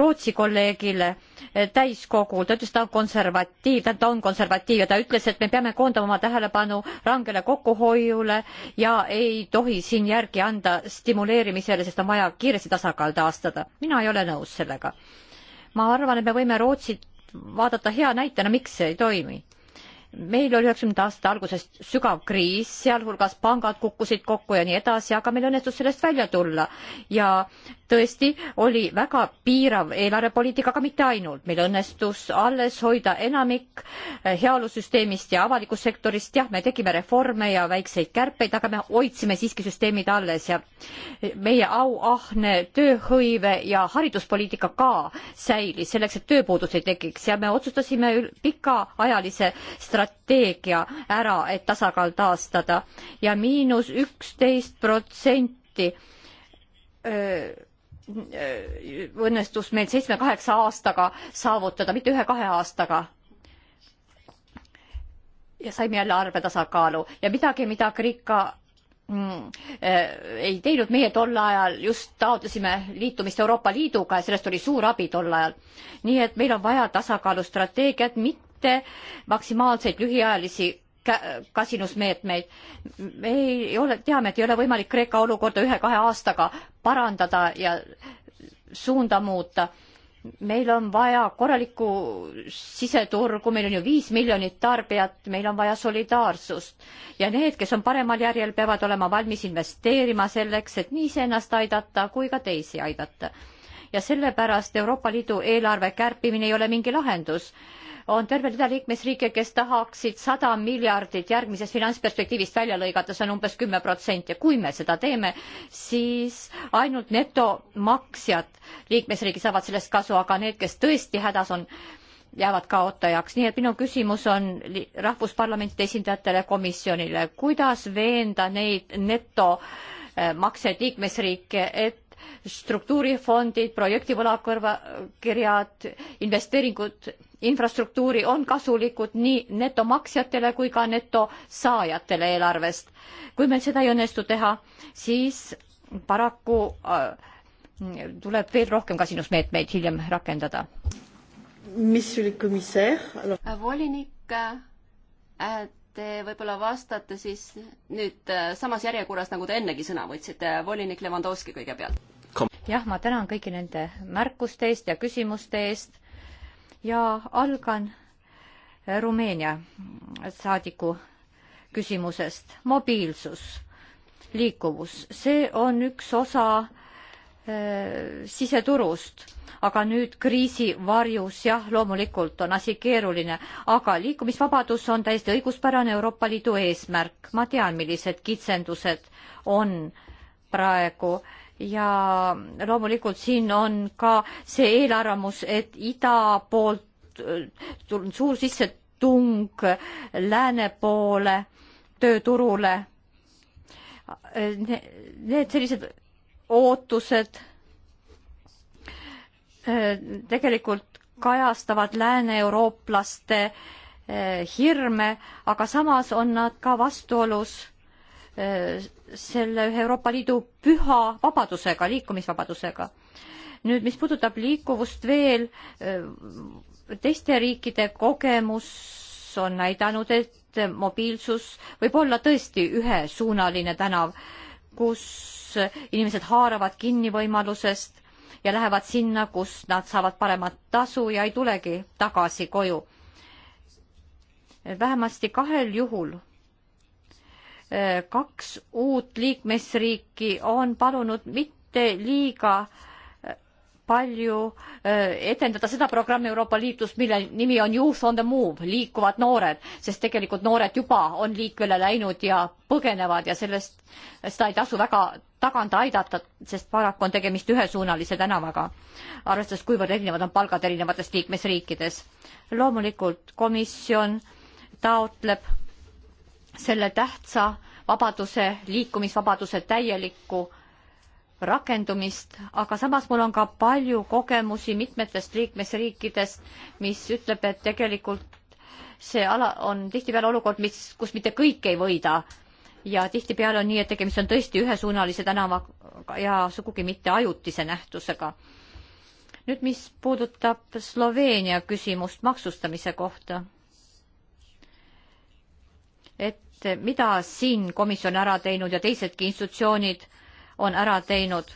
Rootsi kolleegile eh, täiskogul, ta ütles, ta on konservatiiv, tähendab ta on konservatiiv ja ta ütles, et me peame koondama oma tähelepanu rangele kokkuhoiule ja ei tohi siin järgi anda stimuleerimisele, sest on vaja kiiresti tasakaal taastada. mina ei ole nõus sellega. ma arvan, et me võime Rootsit vaadata hea näitena, miks see ei toimi meil oli üheksakümnenda aasta alguses sügav kriis, sealhulgas pangad kukkusid kokku ja nii edasi, aga meil õnnestus sellest välja tulla ja tõesti oli väga piirav eelarvepoliitika, aga mitte ainult, meil õnnestus alles hoida enamik eh, heaolusüsteemist ja avalikust sektorist, jah, me tegime reforme ja väikseid kärpeid, aga me hoidsime siiski süsteemid alles ja meie auahne tööhõive ja hariduspoliitika ka säilis, selleks et tööpuudus ei tekiks ja me otsustasime pikaajalise strateegia ära, et tasakaal taastada ja miinus üksteist protsenti protsenti Äh, õnnestus meil seitsme-kaheksa aastaga saavutada, mitte ühe-kahe aastaga. ja saime jälle arvetasakaalu ja midagi, mida Kreeka Mm, äh, ei teinud meie tol ajal, just taotlesime liitumist Euroopa Liiduga ja sellest oli suur abi tol ajal. nii et meil on vaja tasakaalustrateegiat, mitte maksimaalseid lühiajalisi kasinusmeetmeid. me ei ole, teame, et ei ole võimalik Kreeka olukorda ühe-kahe aastaga parandada ja suunda muuta. meil on vaja korralikku siseturgu, meil on ju viis miljonit tarbijat, meil on vaja solidaarsust ja need, kes on paremal järjel, peavad olema valmis investeerima selleks, et nii iseennast aidata kui ka teisi aidata ja sellepärast Euroopa Liidu eelarve kärpimine ei ole mingi lahendus on terve rida liikmesriike, kes tahaksid sada miljardit järgmisest finantsperspektiivist välja lõigata, see on umbes kümme protsenti. kui me seda teeme, siis ainult netomaksjad liikmesriigid saavad sellest kasu, aga need, kes tõesti hädas on, jäävad kaotajaks, nii et minu küsimus on rahvusparlamentide esindajatele, komisjonile, kuidas veenda neid netomaksjaid liikmesriike, et struktuurifondid, projektivõlakõrvakirjad, investeeringud infrastruktuuri on kasulikud nii netomaksjatele kui ka netosaajatele eelarvest. kui meil seda ei õnnestu teha, siis paraku äh, tuleb veel rohkem kasinusmeetmeid hiljem rakendada. Äh, volinik, äh, te võib-olla vastate siis nüüd äh, samas järjekorras, nagu te ennegi sõna võtsite, volinik Levanovski kõigepealt. jah, ma tänan kõigi nende märkuste eest ja küsimuste eest ja algan äh, Rumeenia saadiku küsimusest. mobiilsus, liikuvus, see on üks osa äh, siseturust, aga nüüd kriisi varjus jah, loomulikult on asi keeruline, aga liikumisvabadus on täiesti õiguspärane Euroopa Liidu eesmärk. ma tean, millised kitsendused on praegu äh, ja loomulikult siin on ka see eelarvamus, et ida poolt äh, suur sissetung lääne poole tööturule. Äh, need sellised ootused äh, tegelikult kajastavad lääne-eurooplaste hirme, aga samas on nad ka vastuolus Äh, selle ühe Euroopa Liidu püha vabadusega, liikumisvabadusega. nüüd, mis puudutab liikuvust veel, äh, teiste riikide kogemus on näidanud, et mobiilsus võib olla tõesti ühesuunaline tänav, kus inimesed haaravad kinni võimalusest ja lähevad sinna, kus nad saavad paremat tasu ja ei tulegi tagasi koju. vähemasti kahel juhul kaks uut liikmesriiki on palunud mitte liiga palju eh, etendada seda programmi Euroopa Liidus, mille nimi on Youth on the Move, liikuvad noored, sest tegelikult noored juba on liikvele läinud ja põgenevad ja sellest, seda ei tasu väga tagant aidata, sest paraku on tegemist ühesuunalise tänavaga, arvestades, kuivõrd erinevad on palgad erinevates liikmesriikides. loomulikult komisjon taotleb selle tähtsa vabaduse, liikumisvabaduse täielikku rakendumist, aga samas mul on ka palju kogemusi mitmetest liikmesriikidest, mis ütleb, et tegelikult see ala on tihtipeale olukord, mis, kus mitte kõik ei võida. ja tihtipeale on nii, et tegemist on tõesti ühesuunalise tänavaga ja sugugi mitte ajutise nähtusega. nüüd, mis puudutab Sloveenia küsimust maksustamise kohta. et et mida siin komisjon ära teinud ja teisedki institutsioonid on ära teinud.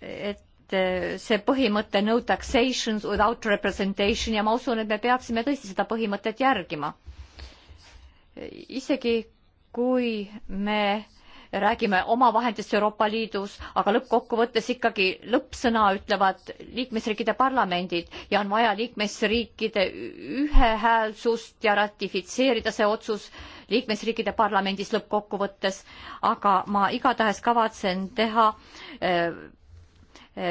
et see põhimõte no taxation without representation ja ma usun, et me peaksime tõesti seda põhimõtet järgima. isegi kui me räägime omavahendist Euroopa Liidus, aga lõppkokkuvõttes ikkagi lõppsõna ütlevad liikmesriikide parlamendid ja on vaja liikmesriikide ühehäälsust ja ratifitseerida see otsus liikmesriikide parlamendis lõppkokkuvõttes, aga ma igatahes kavatsen teha äh,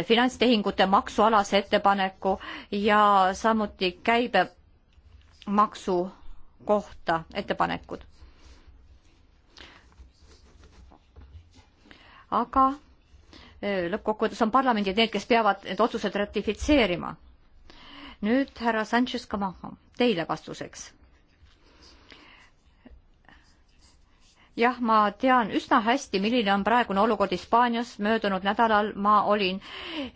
finantstehingute maksualase ettepaneku ja samuti käibemaksu kohta ettepanekud aga e, lõppkokkuvõttes on parlamendid need, kes peavad need otsused ratifitseerima. nüüd härra Sanchez Camacho, teile vastuseks. jah, ma tean üsna hästi, milline on praegune olukord Hispaanias. möödunud nädalal ma olin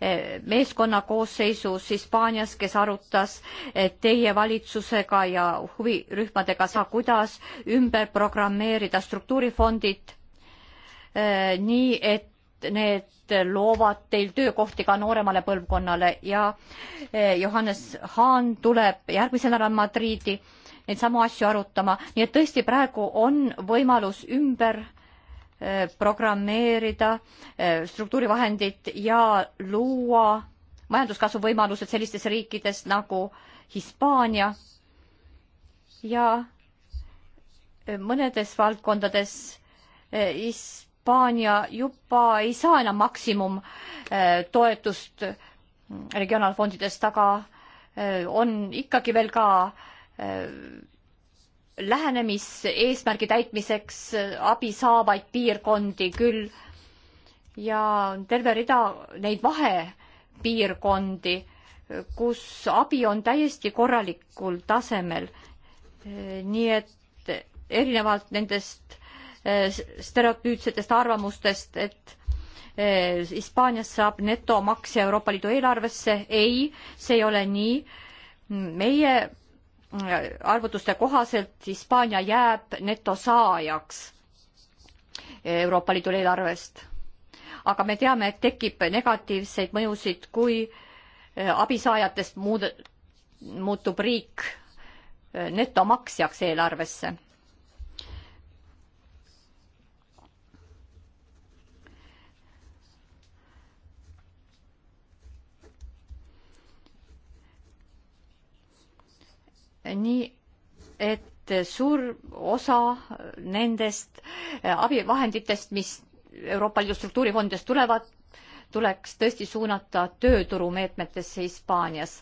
e, meeskonna koosseisus Hispaanias, kes arutas e, teie valitsusega ja huvirühmadega, kuidas ümber programmeerida struktuurifondid Äh, nii et need loovad teil töökohti ka nooremale põlvkonnale ja äh, Johannes Haan tuleb järgmisel nädalal Madriidi neid samu asju arutama, nii et tõesti praegu on võimalus ümber äh, programmeerida struktuurivahendid ja luua majanduskasvu võimalused sellistes riikides nagu Hispaania ja mõnedes valdkondades is-, Hispaania juba ei saa enam maksimumtoetust äh, mm, regionaalfondidest, aga äh, on ikkagi veel ka äh, lähenemiseesmärgi täitmiseks abi saavaid piirkondi küll ja on terve rida neid vahepiirkondi, kus abi on täiesti korralikul tasemel. nii et erinevalt nendest Eh, stereotüüpsetest arvamustest, et eh, Hispaanias saab netomaksja Euroopa Liidu eelarvesse. ei, see ei ole nii. meie eh, arvutuste kohaselt Hispaania jääb netosaajaks Euroopa Liidu eelarvest. aga me teame, et tekib negatiivseid mõjusid, kui abisaajatest muud, muutub riik netomaksjaks eelarvesse nii et suur osa nendest äh, abivahenditest, mis Euroopa Liidu struktuurifondidest tulevad, tuleks tõesti suunata tööturumeetmetesse Hispaanias.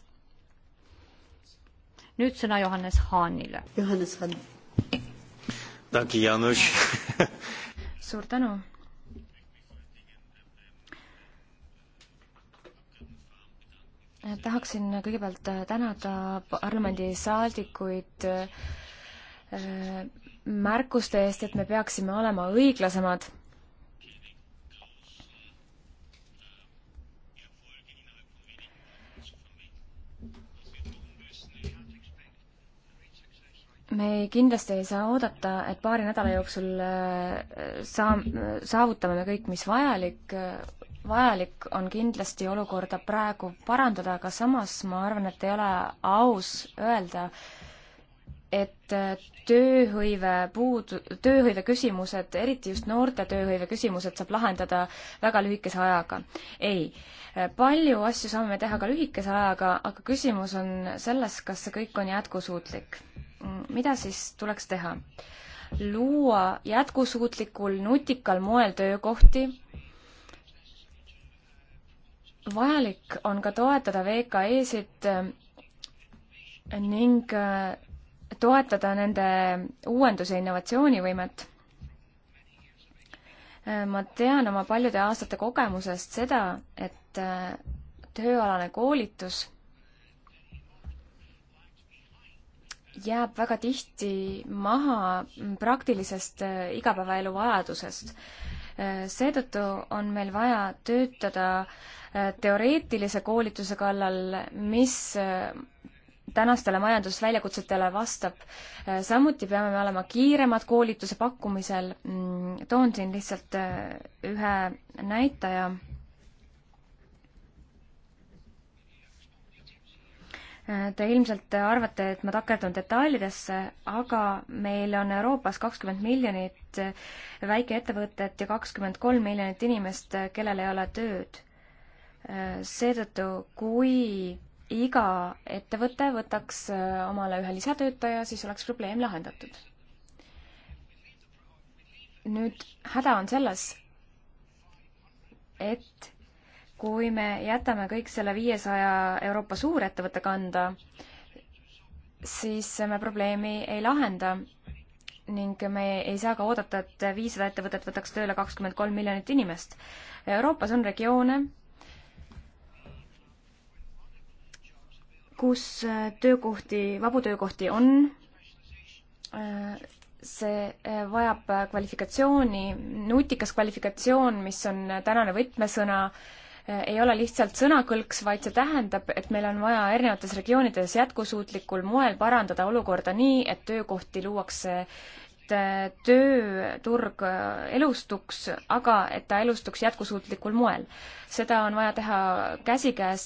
nüüd sõna Johannes Haanile. Johannes Haan. suur tänu tahaksin kõigepealt tänada parlamendisaadikuid äh, märkuste eest, et me peaksime olema õiglasemad. me ei, kindlasti ei saa oodata, et paari nädala jooksul äh, saa-, saavutame me kõik, mis vajalik, vajalik on kindlasti olukorda praegu parandada, aga samas ma arvan, et ei ole aus öelda, et äh, tööhõive puudu, tööhõive küsimused, eriti just noorte tööhõive küsimused saab lahendada väga lühikese ajaga. ei, äh, palju asju saame teha ka lühikese ajaga, aga küsimus on selles, kas see kõik on jätkusuutlik. Mm, mida siis tuleks teha? luua jätkusuutlikul nutikal moel töökohti vajalik on ka toetada VKE-sid eh, ning eh, toetada nende uuenduse innovatsioonivõimet. Eh, ma tean oma paljude aastate kogemusest seda, et tööalane koolitus jääb väga tihti maha praktilisest igapäevaelu vajadusest mm seetõttu on meil vaja töötada äh, teoreetilise koolituse kallal, mis äh, tänastele majandusväljakutsetele vastab. Äh, samuti peame me olema kiiremad koolituse pakkumisel. Mm, toon siin lihtsalt ühe näitaja Te ilmselt arvate, et ma takerdun detailidesse, aga meil on Euroopas kakskümmend miljonit väikeettevõtet ja kakskümmend kolm miljonit inimest, kellel ei ole tööd. seetõttu, kui iga ettevõte võtaks omale ühe lisatöötaja, siis oleks probleem lahendatud. nüüd häda on selles, et kui me jätame kõik selle viiesaja Euroopa suurettevõtte kanda, siis me probleemi ei lahenda ning me ei saa ka oodata, et viissada ettevõtet võtaks tööle kakskümmend kolm miljonit inimest. Euroopas on regioone, kus töökohti, vabu töökohti on, see vajab kvalifikatsiooni, nutikas kvalifikatsioon, mis on tänane võtmesõna äh, Äh, ei ole lihtsalt sõnakõlks, vaid see tähendab, et meil on vaja erinevates regioonides jätkusuutlikul moel parandada olukorda nii, et töökohti luuakse, et äh, tööturg äh, elustuks, aga et ta elustuks jätkusuutlikul moel. seda on vaja teha käsikäes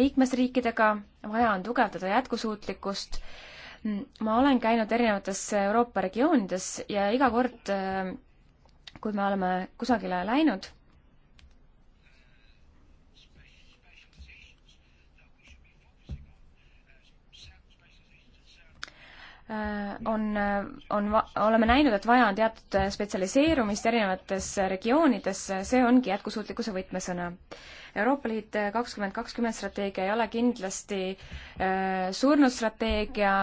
liikmesriikidega, vaja on tugevdada jätkusuutlikkust. ma olen käinud erinevates Euroopa regioonides ja iga kord, kui me oleme kusagile läinud, Äh, on, äh, on, oleme näinud, et vaja on teatud spetsialiseerumist erinevates regioonides, see ongi jätkusuutlikkuse võtmesõna. Euroopa Liit kakskümmend kakskümmend strateegia ei ole kindlasti äh, surnud strateegia,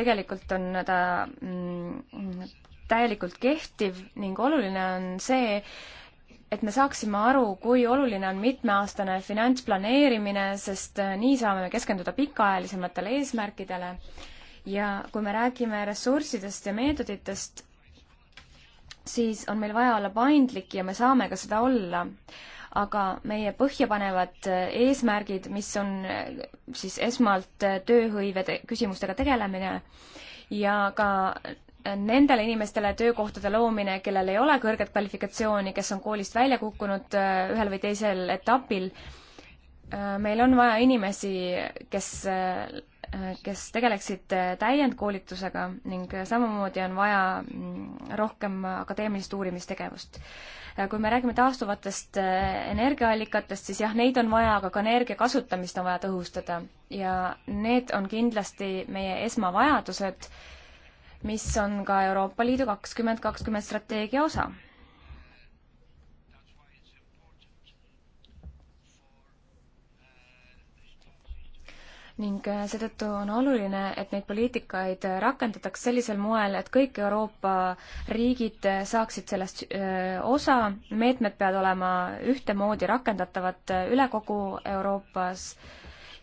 tegelikult on ta mm, täielikult kehtiv ning oluline on see, et me saaksime aru, kui oluline on mitmeaastane finantsplaneerimine, sest äh, nii saame keskenduda pikaajalisematele eesmärkidele äh, ja kui me räägime ressurssidest ja meetoditest, siis on meil vaja olla paindlik ja me saame ka seda olla. aga meie põhjapanevad eesmärgid, mis on eh, siis esmalt eh, tööhõive küsimustega tegelemine ja ka nendele inimestele töökohtade loomine, kellel ei ole kõrget kvalifikatsiooni, kes on koolist välja kukkunud eh, ühel või teisel etapil, meil on vaja inimesi, kes Äh, kes tegeleksid äh, täiendkoolitusega ning äh, samamoodi on vaja mm, rohkem akadeemilist uurimistegevust. kui me räägime taastuvatest energiaallikatest, siis jah, neid on vaja, aga ka energia kasutamist on vaja tõhustada ja need on kindlasti meie esmavajadused, mis on ka Euroopa Liidu kakskümmend kakskümmend strateegia osa ning äh, seetõttu on oluline, et neid poliitikaid äh, rakendataks sellisel moel, et kõik Euroopa riigid äh, saaksid sellest osa, meetmed peavad olema ühtemoodi rakendatavad üle kogu Euroopas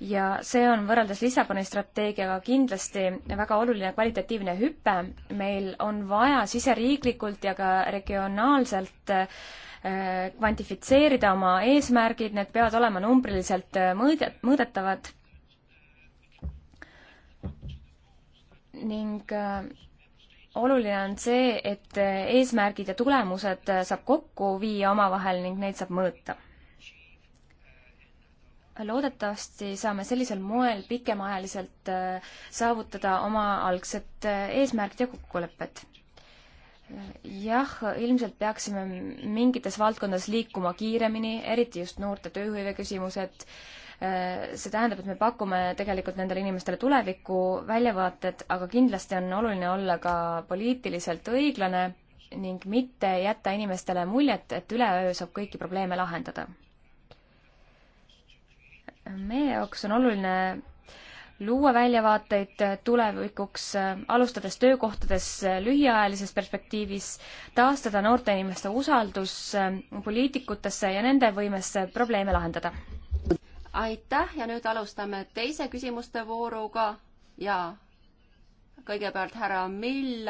ja see on võrreldes Lissaboni strateegiaga kindlasti väga oluline kvalitatiivne hüpe, meil on vaja siseriiklikult ja ka regionaalselt kvantifitseerida oma eesmärgid, need peavad olema numbriliselt mõõde, mõõdetavad ning äh, oluline on see, et äh, eesmärgid ja tulemused äh, saab kokku viia omavahel ning neid saab mõõta. loodetavasti saame sellisel moel pikemaajaliselt saavutada oma algset eesmärgid ja kokkulepped jah, ilmselt peaksime mingites valdkondades liikuma kiiremini, eriti just noorte tööhõive küsimused äh,, Äh, see tähendab, et me pakume tegelikult nendele inimestele tulevikku, väljavaated, aga kindlasti on oluline olla ka poliitiliselt õiglane ning mitte jätta inimestele muljet, et üleöö saab kõiki probleeme lahendada. meie jaoks on oluline luua väljavaateid tulevikuks, alustades töökohtades lühiajalises perspektiivis, taastada noorte inimeste usaldus poliitikutesse ja nende võimesse probleeme lahendada aitäh ja nüüd alustame teise küsimuste vooruga ja kõigepealt härra Mill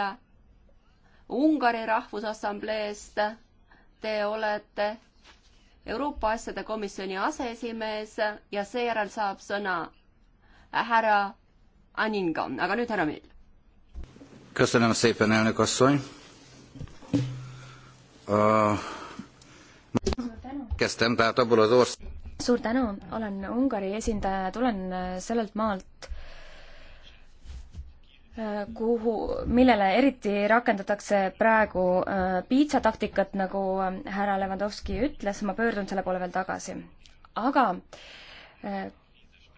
Ungari Rahvusassambleest. Te olete Euroopa Asjade Komisjoni aseesimees ja seejärel saab sõna härra Aninga, aga nüüd härra Mill. köszönöm szépen, elnök asszony uh,. kezdtem, tehát abból az ország suur tänu, olen Ungari esindaja ja tulen äh, sellelt maalt, äh, kuhu, millele eriti rakendatakse praegu äh, piitsataktikat, nagu härra Levandovski ütles, ma pöördun selle poole veel tagasi. aga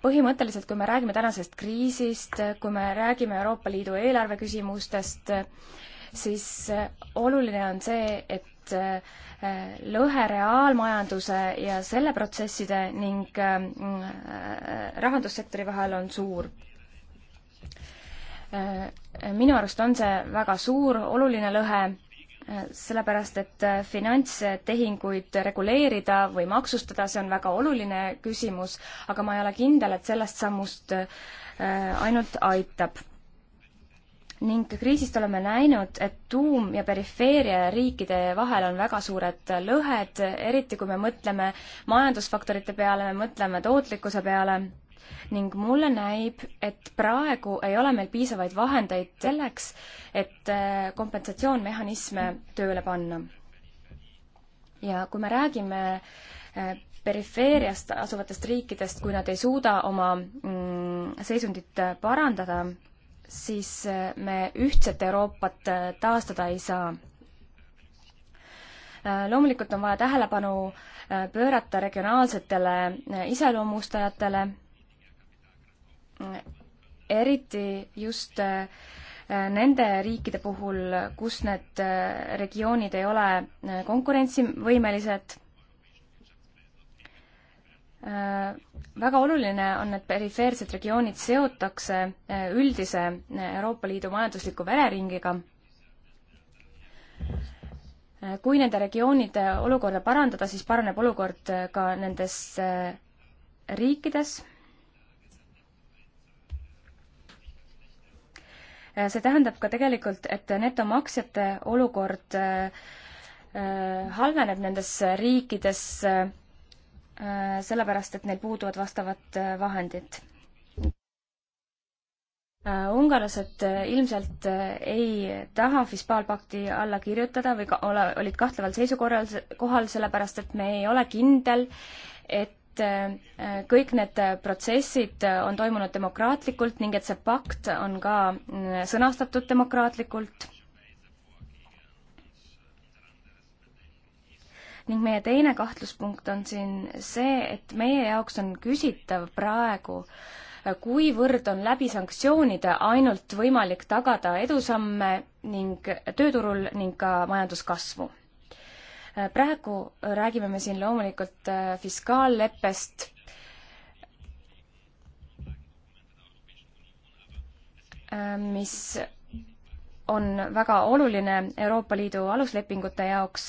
põhimõtteliselt, kui me räägime tänasest kriisist, kui me räägime Euroopa Liidu eelarve küsimustest, siis oluline on see, et lõhe reaalmajanduse ja selle protsesside ning ähm, äh, rahandussektori vahel on suur äh, minu arust on see väga suur oluline lõhe, äh, sellepärast et finantstehinguid reguleerida või maksustada, see on väga oluline küsimus, aga ma ei ole kindel, et sellest sammust ainult aitab ning kriisist oleme näinud, et tuum- ja perifeeria riikide vahel on väga suured lõhed, eriti kui me mõtleme majandusfaktorite peale, me mõtleme tootlikkuse peale ning mulle näib, et praegu ei ole meil piisavaid vahendeid selleks, et äh, kompensatsioonmehhanisme tööle panna. ja kui me räägime äh, perifeeriast asuvatest riikidest, kui nad ei suuda oma mm, seisundit parandada, siis eh, me ühtset Euroopat eh, taastada ei saa. Eh, loomulikult on vaja tähelepanu pöörata regionaalsetele iseloomustajatele, eriti just nende riikide puhul, kus need regioonid ei ole konkurentsivõimelised Äh, väga oluline on, et perifeersed regioonid seotakse äh, üldise äh, Euroopa Liidu majandusliku vereringiga. kui nende regioonide olukorda parandada, siis paraneb olukord ka nendes riikides. see tähendab ka tegelikult, et netomaksjate olukord halveneb nendes riikides Äh, sellepärast, et neil puuduvad vastavad äh, vahendid. Äh, ungarlased ilmselt ei taha fiskaalpakti alla kirjutada või ka ole, olid kahtleval seisukorral, kohal, sellepärast et me ei ole kindel, et kõik need protsessid on toimunud demokraatlikult ning et see pakt on ka mm, sõnastatud demokraatlikult ning meie teine kahtluspunkt on siin see, et meie jaoks on küsitav praegu, äh, kuivõrd on läbi sanktsioonide ainult võimalik tagada edusamme ning tööturul ning ka majanduskasvu. Äh, praegu räägime me siin loomulikult äh, fiskaalleppest, mis on väga oluline Euroopa Liidu aluslepingute jaoks,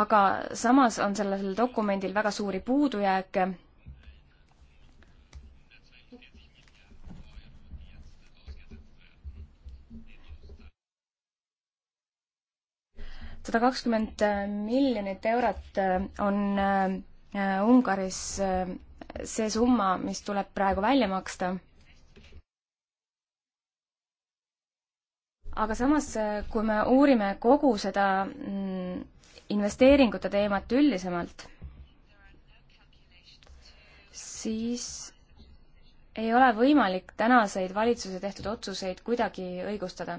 aga samas on sellel dokumendil väga suuri puudujääke. sada kakskümmend miljonit eurot on äh, Ungaris äh, see summa, mis tuleb praegu välja maksta aga samas, äh, kui me uurime kogu seda mm, investeeringute teemat üldisemalt, siis ei ole võimalik tänaseid valitsuse tehtud otsuseid kuidagi õigustada.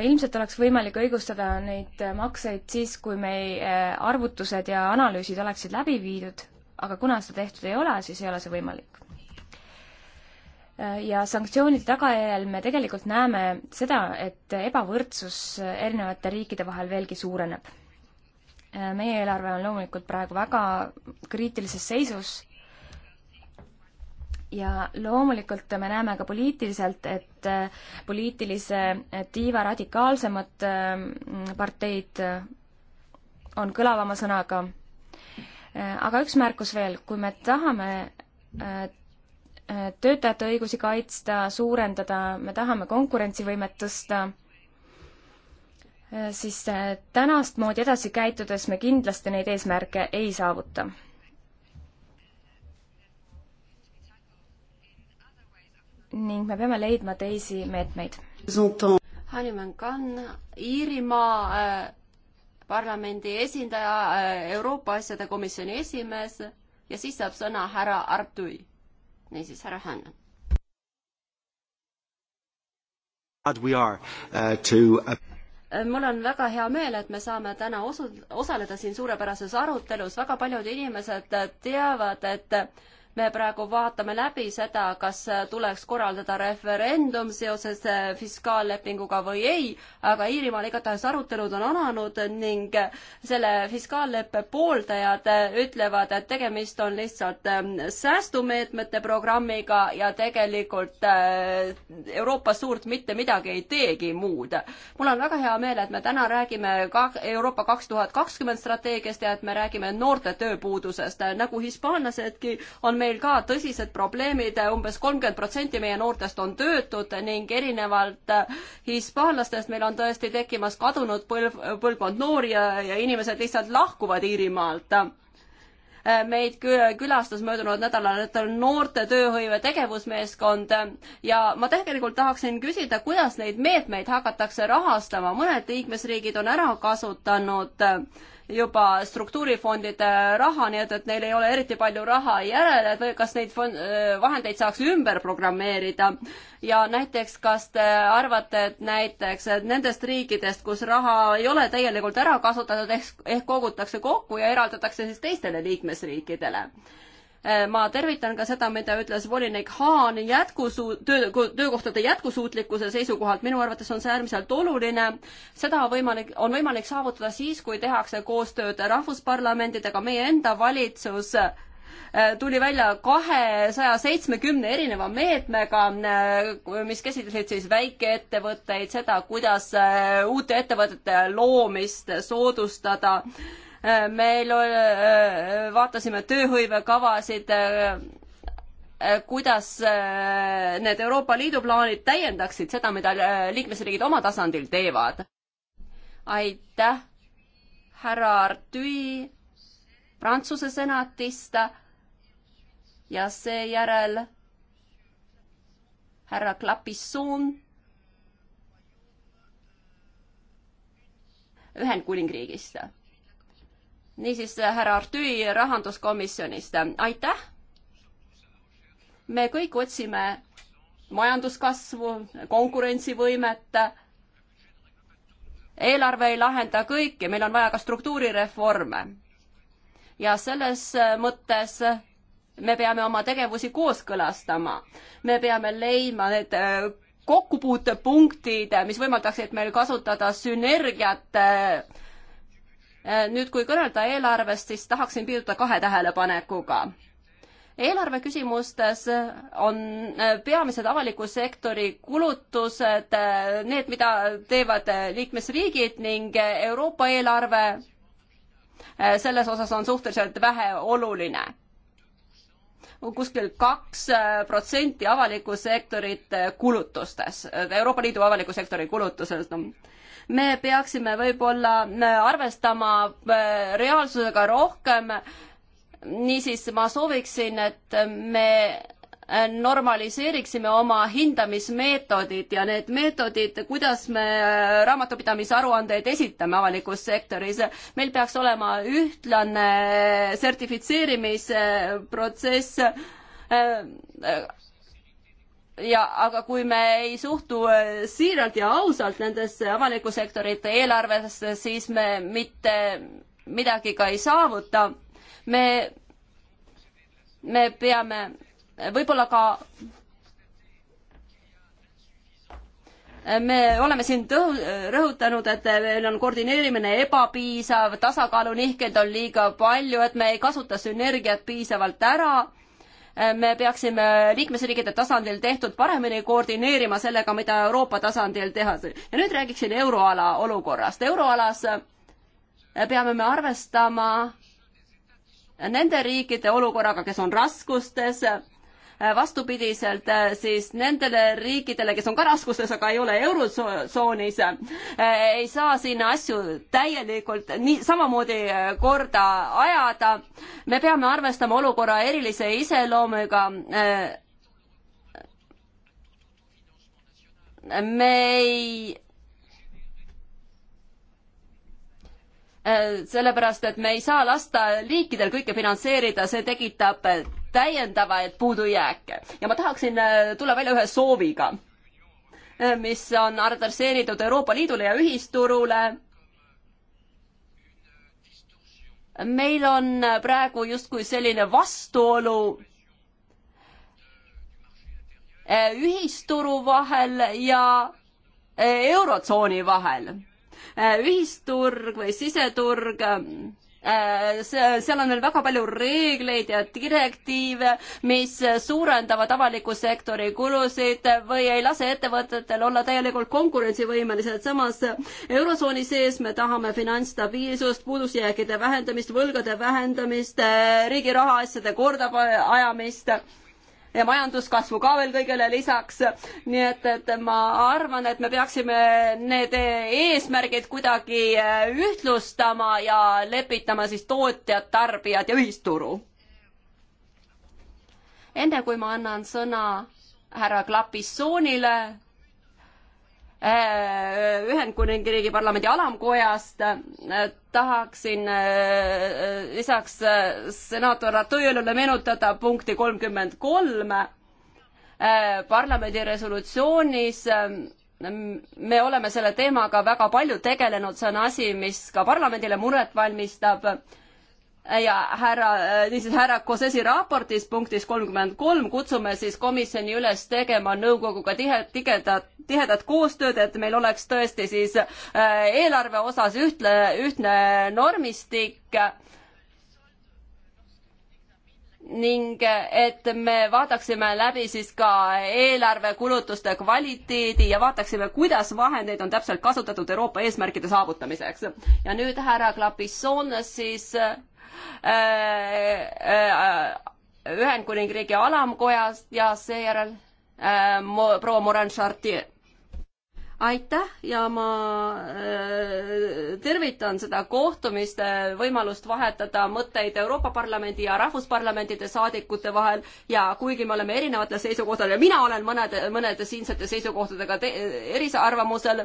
ilmselt oleks võimalik õigustada neid makseid siis, kui meie äh, arvutused ja analüüsid oleksid läbi viidud, aga kuna seda tehtud ei ole, siis ei ole see võimalik ja sanktsioonide tagajärjel me tegelikult näeme seda, et ebavõrdsus erinevate riikide vahel veelgi suureneb. meie eelarve on loomulikult praegu väga kriitilises seisus ja loomulikult me näeme ka poliitiliselt, et poliitilise tiiva radikaalsemad mm, parteid on kõlavama sõnaga. aga üks märkus veel, kui me tahame äh, töötajate õigusi kaitsta, suurendada, me tahame konkurentsivõimet tõsta, eh, siis eh, tänast moodi edasi käitudes me kindlasti neid eesmärke ei saavuta. ning me peame leidma teisi meetmeid. Hanimann Kann, Iirimaa äh, parlamendi esindaja äh,, Euroopa asjade komisjoni esimees ja siis saab sõna härra Artui niisiis, härra Hannan. Uh, uh, mul on väga hea meel, et me saame täna osu-, osaleda siin suurepärases arutelus, väga paljud inimesed teavad, et me praegu vaatame läbi seda, kas tuleks korraldada referendum seoses äh, fiskaallepinguga või ei, aga Iirimaal igatahes arutelud on alanud ning selle fiskaalleppe pooldajad äh, ütlevad, et tegemist on lihtsalt ähm, säästumeetmete programmiga ja tegelikult äh, Euroopas suurt mitte midagi ei teegi muud. mul on väga hea meel, et me täna räägime ka Euroopa kaks tuhat kakskümmend strateegiast ja et me räägime noorte tööpuudusest, nagu hispaanlasedki on meil ka tõsised probleemid umbes, umbes kolmkümmend protsenti meie noortest on töötud ning erinevalt äh, hispaanlastest meil on tõesti tekkimas kadunud põlv, põlvkond noori ja, ja inimesed lihtsalt lahkuvad Iirimaalt äh, meid külastas möödunud nädalal noorte tööhõive tegevusmeeskond ja ma tegelikult tahaksin küsida, kuidas neid meetmeid hakatakse rahastama, mõned liikmesriigid on ära kasutanud äh, juba struktuurifondide raha, nii et, et neil ei ole eriti palju raha järele, et või kas neid fond, vahendeid saaks ümber programmeerida. ja näiteks, kas te arvate, et näiteks et nendest riikidest, kus raha ei ole täielikult ära kasutatud, ehk, ehk kogutakse kokku ja eraldatakse siis teistele liikmesriikidele Äh, ma tervitan ka seda, mida ütles volinik Haan jätkusuu-, töö, töökohtade jätkusuutlikkuse seisukohalt, minu arvates on see äärmiselt oluline. seda võimalik, on võimalik saavutada siis, kui tehakse koostööd rahvusparlamentidega, meie enda valitsus äh, tuli välja kahesaja seitsmekümne erineva meetmega, äh, mis käsitlesid siis väikeettevõtteid, seda, kuidas uute ettevõtete loomist soodustada meil äh, vaatasime tööhõivekavasid, äh, kuidas äh, need Euroopa Liidu plaanid täiendaksid seda, mida liikmesriigid oma tasandil teevad. aitäh, härra Artüi Prantsuse senatist ja seejärel härra Klapissoon Ühendkuningriigist niisiis, härra Artüi rahanduskomisjonist, aitäh! me kõik otsime majanduskasvu, konkurentsivõimet, eelarve ei lahenda kõiki, meil on vaja ka struktuurireforme. ja selles mõttes me peame oma tegevusi kooskõlastama, me peame leidma need äh, kokkupuutepunktid, mis võimaldaksid meil kasutada sünergiat äh, Äh, nüüd, kui kõnelda eelarvest, siis tahaksin piirduda kahe tähelepanekuga. eelarve küsimustes on äh, peamised avaliku sektori kulutused, äh, need, mida teevad liikmesriigid ning Euroopa eelarve selles osas on suhteliselt väheoluline. kuskil kaks protsenti avaliku sektorit kulutustes, Euroopa Liidu avaliku sektori kulutusest no me peaksime võib-olla äh, arvestama äh, reaalsusega rohkem. niisiis ma sooviksin, et me äh, normaliseeriksime oma hindamismeetodid ja need meetodid, kuidas me raamatupidamisaruandeid esitame avalikus sektoris. meil peaks olema ühtlane sertifitseerimisprotsess ja aga kui me ei suhtu äh, siiralt ja ausalt nendesse avaliku sektorite eelarvesse, siis me mitte midagi ka ei saavuta. me, me peame võib-olla ka me oleme siin tõhu-, rõhutanud, et meil on koordineerimine ebapiisav, tasakaalunihkeid on liiga palju, et me ei kasuta sünergiat piisavalt ära me peaksime liikmesriikide tasandil tehtud paremini koordineerima sellega, mida Euroopa tasandil tehakse. ja nüüd räägiksin euroala olukorrast. euroalas eh, peame me arvestama nende riikide olukorraga, kes on raskustes Äh, vastupidiselt äh, siis nendele riikidele, kes on ka raskustes, aga ei ole eurotsoonis, äh, ei saa siin asju täielikult nii samamoodi korda ajada. me peame arvestama olukorra erilise iseloomuga me ei sellepärast, et me ei saa lasta riikidel kõike finantseerida, see tekitab täiendavaid puudujääke ja ma tahaksin äh, tulla välja ühe sooviga, äh, mis on adresseeritud Euroopa Liidule ja ühisturule. meil on äh, praegu justkui selline vastuolu ühisturu vahel ja eurotsooni vahel. ühisturg või siseturg Äh, see, seal on veel väga palju reegleid ja direktiive, mis suurendavad avaliku sektori kulusid või ei lase ettevõtetel olla täielikult konkurentsivõimelised. samas eurotsooni sees me tahame finantsstabiilsust, puudusjääkide vähendamist, võlgade vähendamist, riigi rahaasjade kordaajamist ja majanduskasvu ka veel kõigele lisaks. nii et, et ma arvan, et me peaksime need eesmärgid kuidagi eh, ühtlustama ja lepitama siis tootjad, tarbijad ja ühisturu. enne kui ma annan sõna härra Klapissoonile, Äh, Ühendkuningriigi parlamendi alamkojast äh, tahaksin äh, lisaks senaator Ratujõlule meenutada punkti kolmkümmend kolm parlamendi resolutsioonis me oleme selle teemaga väga palju tegelenud, see on asi, mis ka parlamendile muret valmistab ja härra, äh, niisiis härra Kosesi raportis punktis kolmkümmend kolm kutsume siis komisjoni üles tegema nõukoguga tihe, tigedat, tihedat koostööd, et meil oleks tõesti siis äh, eelarve osas ühtne, ühtne normistik ning et me vaataksime läbi siis ka eelarvekulutuste kvaliteedi ja vaataksime, kuidas vahendeid on täpselt kasutatud Euroopa eesmärkide saavutamiseks. ja nüüd härra Klapisson siis Ühendkuningriigi alamkojast ja seejärel äh, proua Morin Chartier aitäh ja ma äh, tervitan seda kohtumist, võimalust vahetada mõtteid Euroopa Parlamendi ja Rahvusparlamentide saadikute vahel ja kuigi me oleme erinevatel seisukohtadel ja mina olen mõnede, mõnede siinsete seisukohtadega erisarvamusel,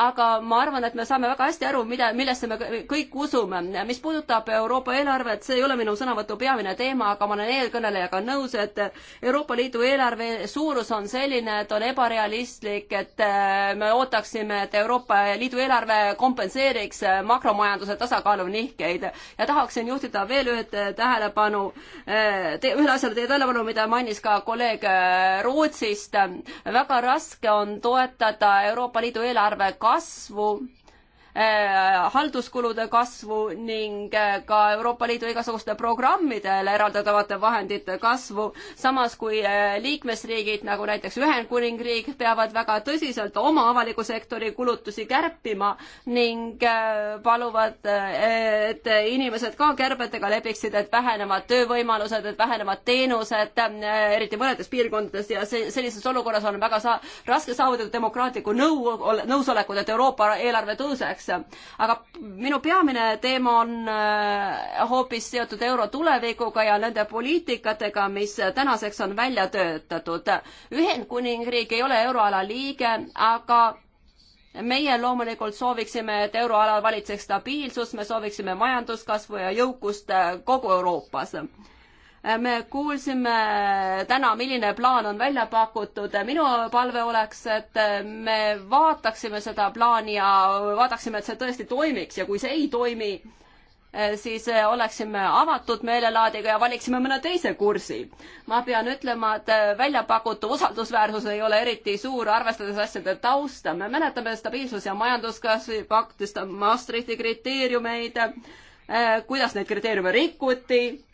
aga ma arvan, et me saame väga hästi aru, mida, millesse me kõik usume. mis puudutab Euroopa eelarvet, see ei ole minu sõnavõtu peamine teema, aga ma olen eelkõnelejaga nõus, et Euroopa Liidu eelarve suurus on selline, et on ebarealistlik, et äh, me me ootaksime, et Euroopa Liidu eelarve kompenseeriks makromajanduse tasakaalu nihkeid. ja tahaksin juhtida veel üht tähelepanu te,, ühele asjale teie tähelepanu, mida mainis ka kolleeg Rootsist. väga raske on toetada Euroopa Liidu eelarve kasvu Äh, halduskulude kasvu ning äh, ka Euroopa Liidu igasuguste programmidele eraldatavate vahendite kasvu, samas kui äh, liikmesriigid, nagu näiteks Ühendkuningriik, peavad väga tõsiselt oma avaliku sektori kulutusi kärpima ning paluvad, et inimesed ka kärbetega lepiksid, et vähenevad töövõimalused, et vähenevad teenused, eriti mõnedes piirkondades ja sellises olukorras on väga sa-, raske saavutada demokraatlikku nõu, nõusolekut, et Euroopa eelarve tõuseks selleks. aga minu peamine teema on äh, hoopis seotud euro tulevikuga ja nende poliitikatega, mis tänaseks on välja töötatud. Ühendkuningriik ei ole euroala liige, aga meie loomulikult sooviksime, et euroalal valitseks stabiilsus, me sooviksime majanduskasvu ja jõukust äh, kogu Euroopas me kuulsime täna, milline plaan on välja pakutud. minu palve oleks, et me vaataksime seda plaani ja vaataksime, et see tõesti toimiks ja kui see ei toimi, eh, siis oleksime avatud meelelaadiga ja valiksime mõne teise kursi. ma pean ütlema, et välja pakutu usaldusväärsus ei ole eriti suur, arvestades asjade tausta. me mäletame stabiilsus- ja majanduskasvi paktist, Maastrichti kriteeriumeid, eh, kuidas neid kriteeriume rikuti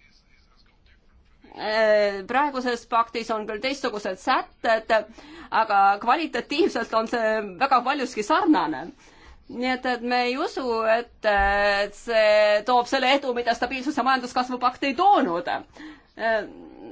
Äh, praeguses paktis on küll teistsugused sätted, aga kvalitatiivselt on see väga paljuski sarnane nii et, et me ei usu, et, et see toob selle edu, mida stabiilsuse majanduskasvu pakt ei toonud äh,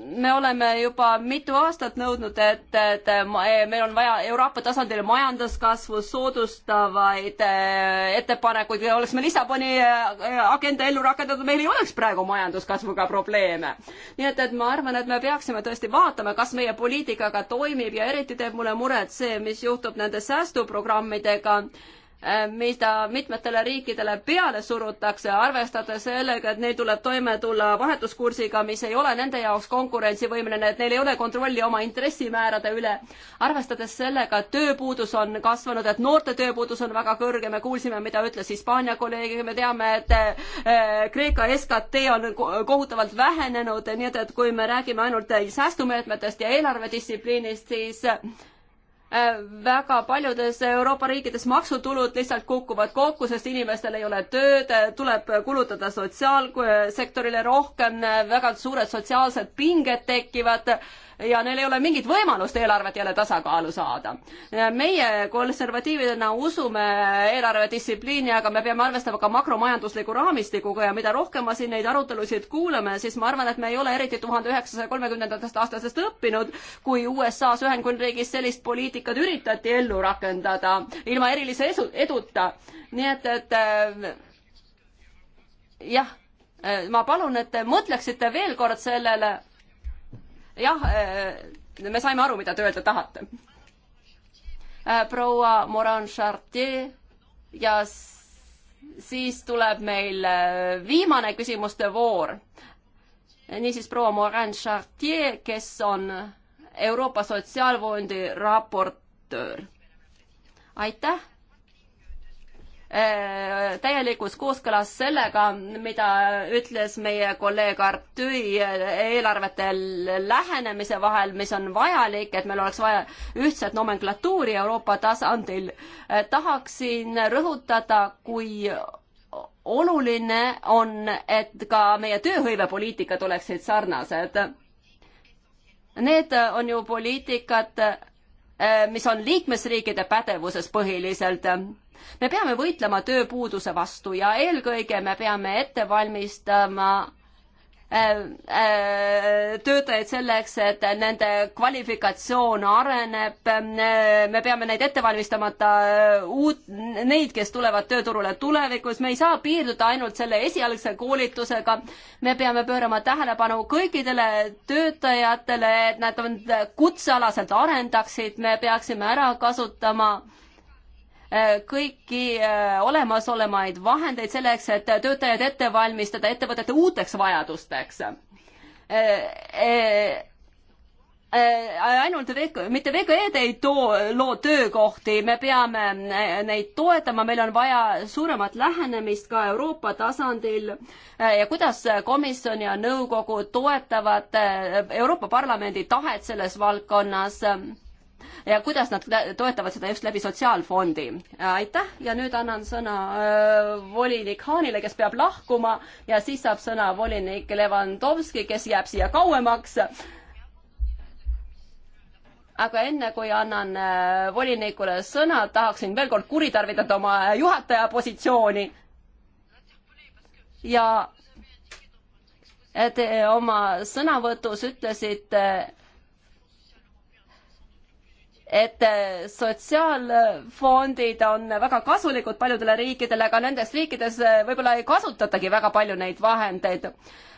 me oleme juba mitu aastat nõudnud, et, et eh, meil on vaja Euroopa tasandil majanduskasvu soodustavaid eh, ettepanekuid ja oleks me Lissaboni eh, agenda ellu rakendatud, meil ei oleks praegu majanduskasvuga probleeme. nii et, et ma arvan, et me peaksime tõesti vaatama, kas meie poliitikaga toimib ja eriti teeb mulle muret see, mis juhtub nende säästuprogrammidega Äh, mida mitmetele riikidele peale surutakse, arvestades sellega, et neil tuleb toime tulla vahetuskursiga, mis ei ole nende jaoks konkurentsivõimeline, et neil ei ole kontrolli oma intressimäärade üle. arvestades sellega, et tööpuudus on kasvanud, et noorte tööpuudus on väga kõrge, me kuulsime, mida ütles Hispaania kolleeg, me teame, et äh, Kreeka SKT on kohutavalt vähenenud, nii et, et kui me räägime ainult säästumeetmetest ja eelarvedistsipliinist, siis Äh, väga paljudes Euroopa riikides maksutulud lihtsalt kukuvad kokku, sest inimestel ei ole tööd, äh, tuleb kulutada sotsiaalsektorile rohkem, äh, väga suured sotsiaalsed pinged tekivad ja neil ei ole mingit võimalust eelarvet jälle tasakaalu saada. meie konservatiividena usume eelarvedistsipliini, aga me peame arvestama ka makromajandusliku raamistikuga ja mida rohkem ma siin neid arutelusid kuulame, siis ma arvan, et me ei ole eriti tuhande üheksasaja kolmekümnendatest aastatest õppinud, kui USA-s Ühendkuningriigis sellist poliitikat üritati ellu rakendada ilma erilise esu, eduta. nii et, et äh, jah, ma palun, et te mõtleksite veel kord sellele jah, eh, me saime aru, mida te öelda tahate. Eh, proua Moran Chartier ja siis tuleb meil eh, viimane küsimuste voor. niisiis proua Moran Chartier, kes on Euroopa Sotsiaalfondi raportöör. aitäh Äh, täielikus kooskõlas sellega, mida ütles meie kolleeg Artüi äh, eelarvete lähenemise vahel, mis on vajalik, et meil oleks vaja ühtset nomenklatuuri Euroopa tasandil. Äh, tahaksin rõhutada, kui oluline on, et ka meie tööhõivepoliitikad oleksid sarnased. Need on ju poliitikad, mis on liikmesriikide pädevuses põhiliselt me peame võitlema tööpuuduse vastu ja eelkõige me peame ette valmistama äh, äh, töötajaid selleks, et nende kvalifikatsioon areneb. me peame neid ette valmistamata äh, uut, neid, kes tulevad tööturule tulevikus, me ei saa piirduda ainult selle esialgse koolitusega. me peame pöörama tähelepanu kõikidele töötajatele, et nad on kutsealaselt arendaksid, me peaksime ära kasutama äh, Äh, kõiki äh, olemasolemaid vahendeid selleks, et töötajaid ette valmistada ettevõtete uuteks vajadusteks. Äh, ainult VK, mitte VKE-d ei too, loo töökohti, me peame neid toetama, meil on vaja suuremat lähenemist ka Euroopa tasandil ja kuidas komisjon ja nõukogu toetavad Euroopa Parlamendi tahet selles valdkonnas ja kuidas nad toetavad seda just läbi Sotsiaalfondi. aitäh ja nüüd annan sõna äh, volinik Haanile, kes peab lahkuma ja siis saab sõna volinik Levanovski, kes jääb siia kauemaks aga enne kui annan äh, volinikule sõna, tahaksin veel kord kuritarvitada oma juhataja positsiooni. ja te äh, oma sõnavõtus ütlesite, et eh, sotsiaalfondid on väga kasulikud paljudele riikidele, aga nendes riikides eh, võib-olla ei kasutatagi väga palju neid vahendeid.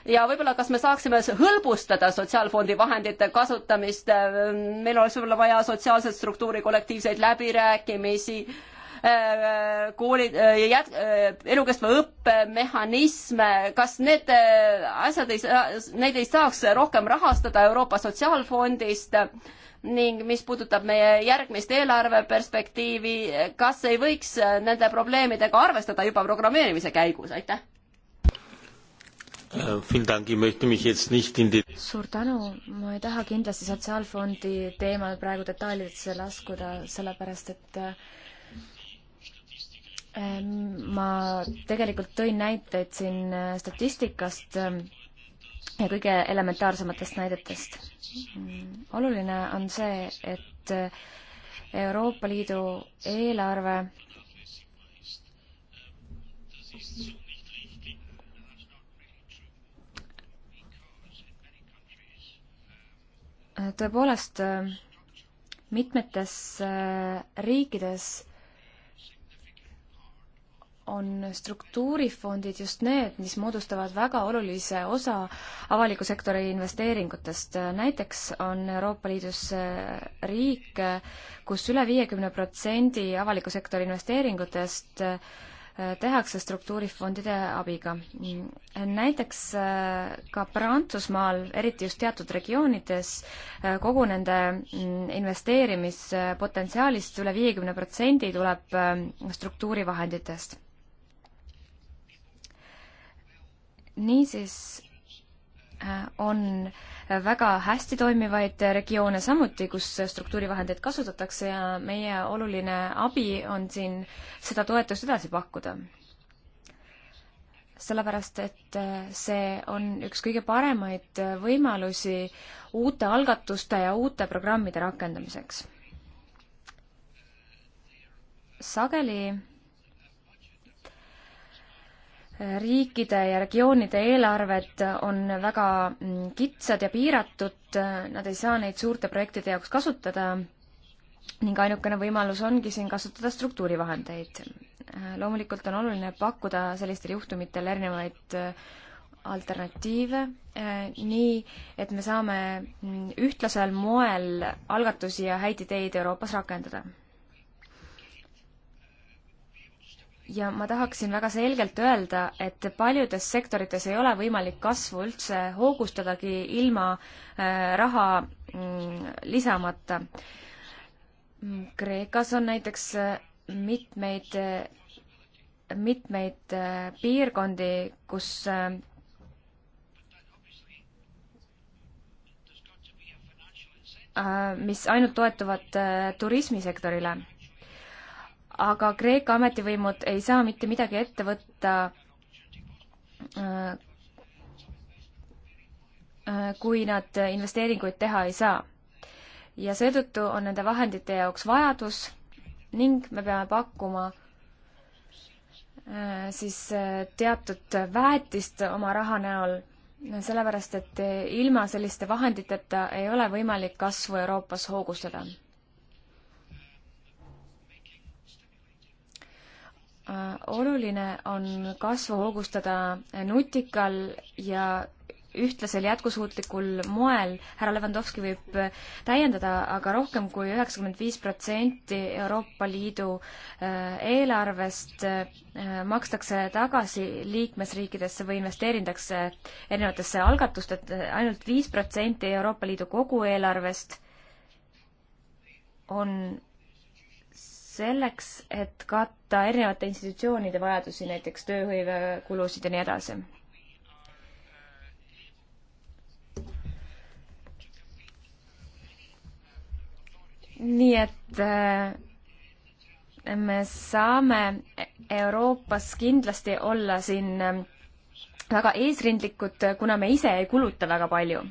ja võib-olla, kas me saaksime hõlbustada sotsiaalfondi vahendite kasutamist, eh, meil oleks võib-olla vaja sotsiaalset struktuuri, kollektiivseid läbirääkimisi, koolid, jät-, elukestva õppe mehhanisme, kas need asjad ei saa, neid ei saaks rohkem rahastada Euroopa Sotsiaalfondist ning mis puudutab meie järgmist eelarveperspektiivi, kas ei võiks nende probleemidega arvestada juba programmeerimise käigus, aitäh? Äh, suur tänu, ma ei taha kindlasti Sotsiaalfondi teemal praegu detailidesse laskuda, sellepärast et äh, ma tegelikult tõin näiteid siin äh, statistikast ja kõige elementaarsematest näidetest. oluline on see, et Euroopa Liidu eelarve tõepoolest mitmetes riikides on struktuurifondid just need, mis moodustavad väga olulise osa avaliku sektori investeeringutest. näiteks on Euroopa Liidus riik kus, kus üle viiekümne protsendi avaliku sektori investeeringutest tehakse struktuurifondide abiga. näiteks ka Prantsusmaal, eriti just teatud regioonides, kogu nende investeerimispotentsiaalist üle viiekümne protsendi tuleb struktuurivahenditest niisiis äh, on väga hästi toimivaid regioone samuti, kus struktuurivahendeid kasutatakse ja meie oluline abi on siin seda toetust edasi pakkuda. sellepärast, et äh, see on üks kõige paremaid võimalusi uute algatuste ja uute programmide rakendamiseks. sageli riikide ja regioonide eelarved on väga mm, kitsad ja piiratud, nad ei saa neid suurte projektide jaoks kasutada ning ainukene võimalus ongi siin kasutada struktuurivahendeid. loomulikult on oluline pakkuda sellistel juhtumitel erinevaid äh, alternatiive äh, nii, et me saame mm, ühtlasel moel algatusi ja häid ideid Euroopas rakendada ja ma tahaksin väga selgelt öelda, et paljudes sektorites ei ole võimalik kasvu üldse hoogustadagi ilma äh, raha mm, lisamata. Kreekas on näiteks äh, mitmeid, äh, mitmeid piirkondi, kus mis ainult toetuvad turismisektorile aga Kreeka ametivõimud ei saa mitte midagi ette võtta, äh, kui nad investeeringuid teha ei saa. ja seetõttu on nende vahendite jaoks vajadus ning me peame pakkuma äh, siis äh, teatud väetist oma raha näol, sellepärast et ilma selliste vahenditeta ei ole võimalik kasvu Euroopas hoogustada Äh, oluline on kasvu hoogustada nutikal ja ühtlasel jätkusuutlikul moel, härra Levandovski võib täiendada, aga rohkem kui üheksakümmend viis protsenti Euroopa Liidu äh, eelarvest äh, makstakse tagasi liikmesriikidesse või investeeritakse erinevatesse algatustesse, ainult viis protsenti Euroopa Liidu kogu eelarvest on selleks, et katta erinevate institutsioonide vajadusi, näiteks tööhõivekulusid ja nii edasi. nii et äh, me saame Euroopas kindlasti olla siin äh, väga eesrindlikud, kuna me ise ei kuluta väga palju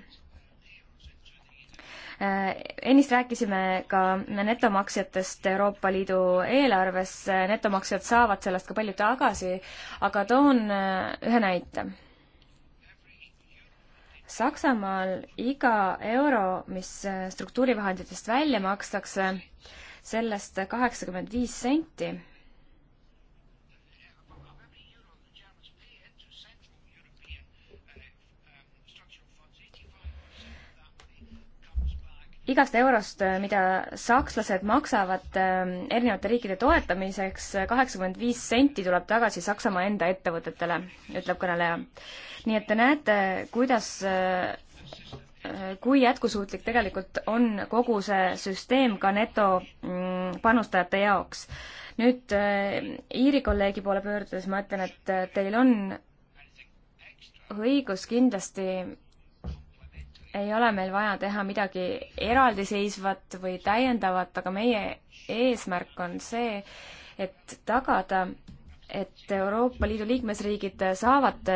Äh, ennist rääkisime ka netomaksjatest Euroopa Liidu eelarves, netomaksjad saavad sellest ka palju tagasi, aga toon äh, ühe näite. Saksamaal iga euro, mis äh, struktuurivahenditest välja makstakse, sellest kaheksakümmend viis senti igast eurost, äh, mida sakslased maksavad ähm, erinevate riikide toetamiseks, äh, kaheksakümmend viis senti tuleb tagasi Saksamaa enda ettevõtetele, ütleb kõneleja. nii et te näete, kuidas, äh, kui jätkusuutlik tegelikult on kogu see süsteem ka netopanustajate mm, jaoks. nüüd Iiri kolleegi poole pöördudes ma ütlen, et teil on õigus kindlasti ei ole meil vaja teha midagi eraldiseisvat või täiendavat, aga meie eesmärk on see, et tagada, et Euroopa Liidu liikmesriigid saavad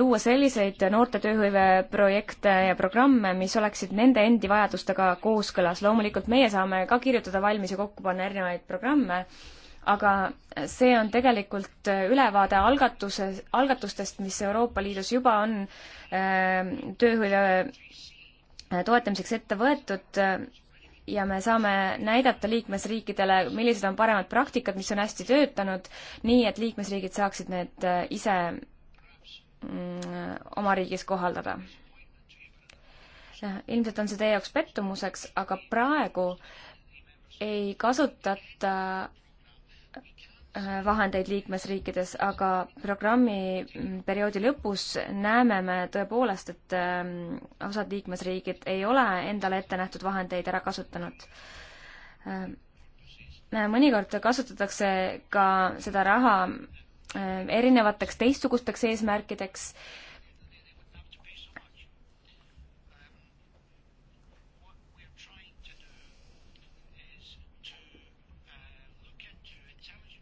luua selliseid noorte tööhõive projekte ja programme, mis oleksid nende endi vajadustega kooskõlas. loomulikult meie saame ka kirjutada valmis ja kokku panna erinevaid programme aga see on tegelikult ülevaade algatuse, algatustest, mis Euroopa Liidus juba on ähm, tööhõive äh, toetamiseks ette võetud äh, ja me saame näidata liikmesriikidele, millised on paremad praktikad, mis on hästi töötanud, nii et liikmesriigid saaksid need äh, ise mm, oma riigis kohaldada ilmselt on see teie jaoks pettumuseks, aga praegu ei kasutata Äh, vahendeid liikmesriikides, aga programmi mm, perioodi lõpus näeme me tõepoolest, et ähm, osad liikmesriigid ei ole endale ette nähtud vahendeid ära kasutanud. Ähm, äh, mõnikord kasutatakse ka seda raha äh, erinevateks teistsugusteks eesmärkideks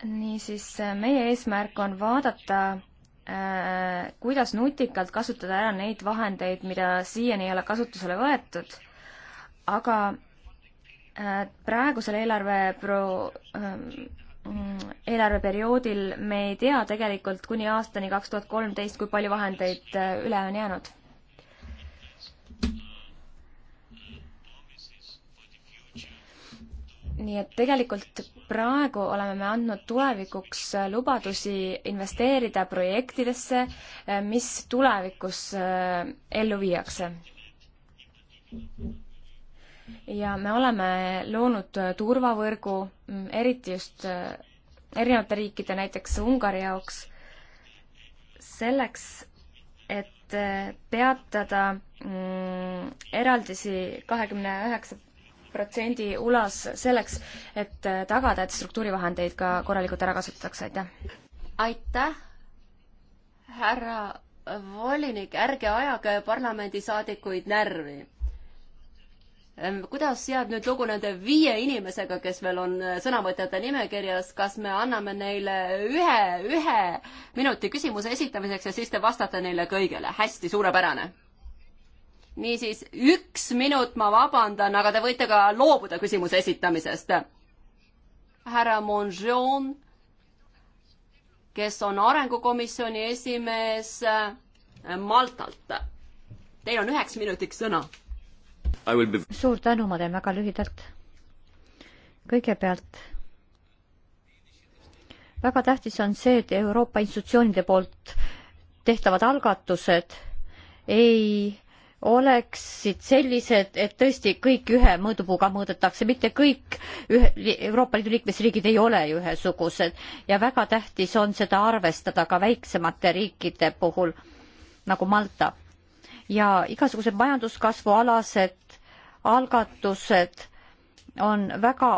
niisiis, meie eesmärk on vaadata, äh, kuidas nutikalt kasutada ära neid vahendeid, mida siiani ei ole kasutusele võetud, aga äh, praegusel eelarvepro-, äh, eelarveperioodil me ei tea tegelikult kuni aastani kaks tuhat kolmteist, kui palju vahendeid üle on jäänud nii et tegelikult praegu oleme me andnud tulevikuks lubadusi investeerida projektidesse, eh, mis tulevikus eh, ellu viiakse. ja me oleme loonud eh, turvavõrgu, mm, eriti just erinevate riikide, näiteks Ungari jaoks, selleks, et peatada mm, eraldisi kahekümne üheksa protsendi ulas selleks, et äh, tagada, et struktuurivahendeid ka korralikult ära kasutatakse, aitäh! aitäh, härra volinik, ärge ajage parlamendisaadikuid närvi ähm, kuidas jääb nüüd lugu nende viie inimesega, kes veel on äh, sõnavõtjate nimekirjas, kas me anname neile ühe, ühe minuti küsimuse esitamiseks ja siis te vastate neile kõigile, hästi suurepärane niisiis, üks minut, ma vabandan, aga te võite ka loobuda küsimuse esitamisest. härra Monjon, kes on arengukomisjoni esimees äh, Maltalt. Teil on üheks minutiks sõna. Be... suur tänu, ma teen väga lühidalt. kõigepealt väga tähtis on see, et Euroopa institutsioonide poolt tehtavad algatused ei oleksid sellised, et tõesti kõik ühe mõõdupuuga mõõdetakse, mitte kõik ühe, Euroopa Liidu liikmesriigid ei ole ju ühesugused ja väga tähtis on seda arvestada ka väiksemate riikide puhul nagu Malta. ja igasugused majanduskasvualased algatused on väga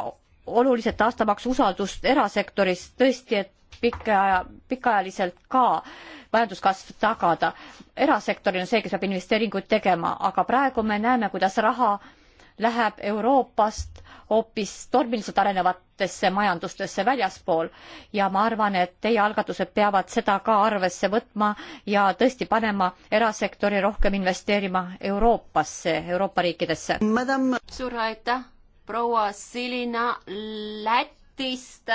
olulised taastamaks usaldust erasektorist, tõesti, et pika aja, pikaajaliselt ka majanduskasv tagada. erasektoril on see, kes peab investeeringuid tegema, aga praegu me näeme, kuidas raha läheb Euroopast hoopis tormiliselt arenevatesse majandustesse väljaspool ja ma arvan, et teie algatused peavad seda ka arvesse võtma ja tõesti panema erasektori rohkem investeerima Euroopasse, Euroopa riikidesse. suur aitäh, proua Silina Lätist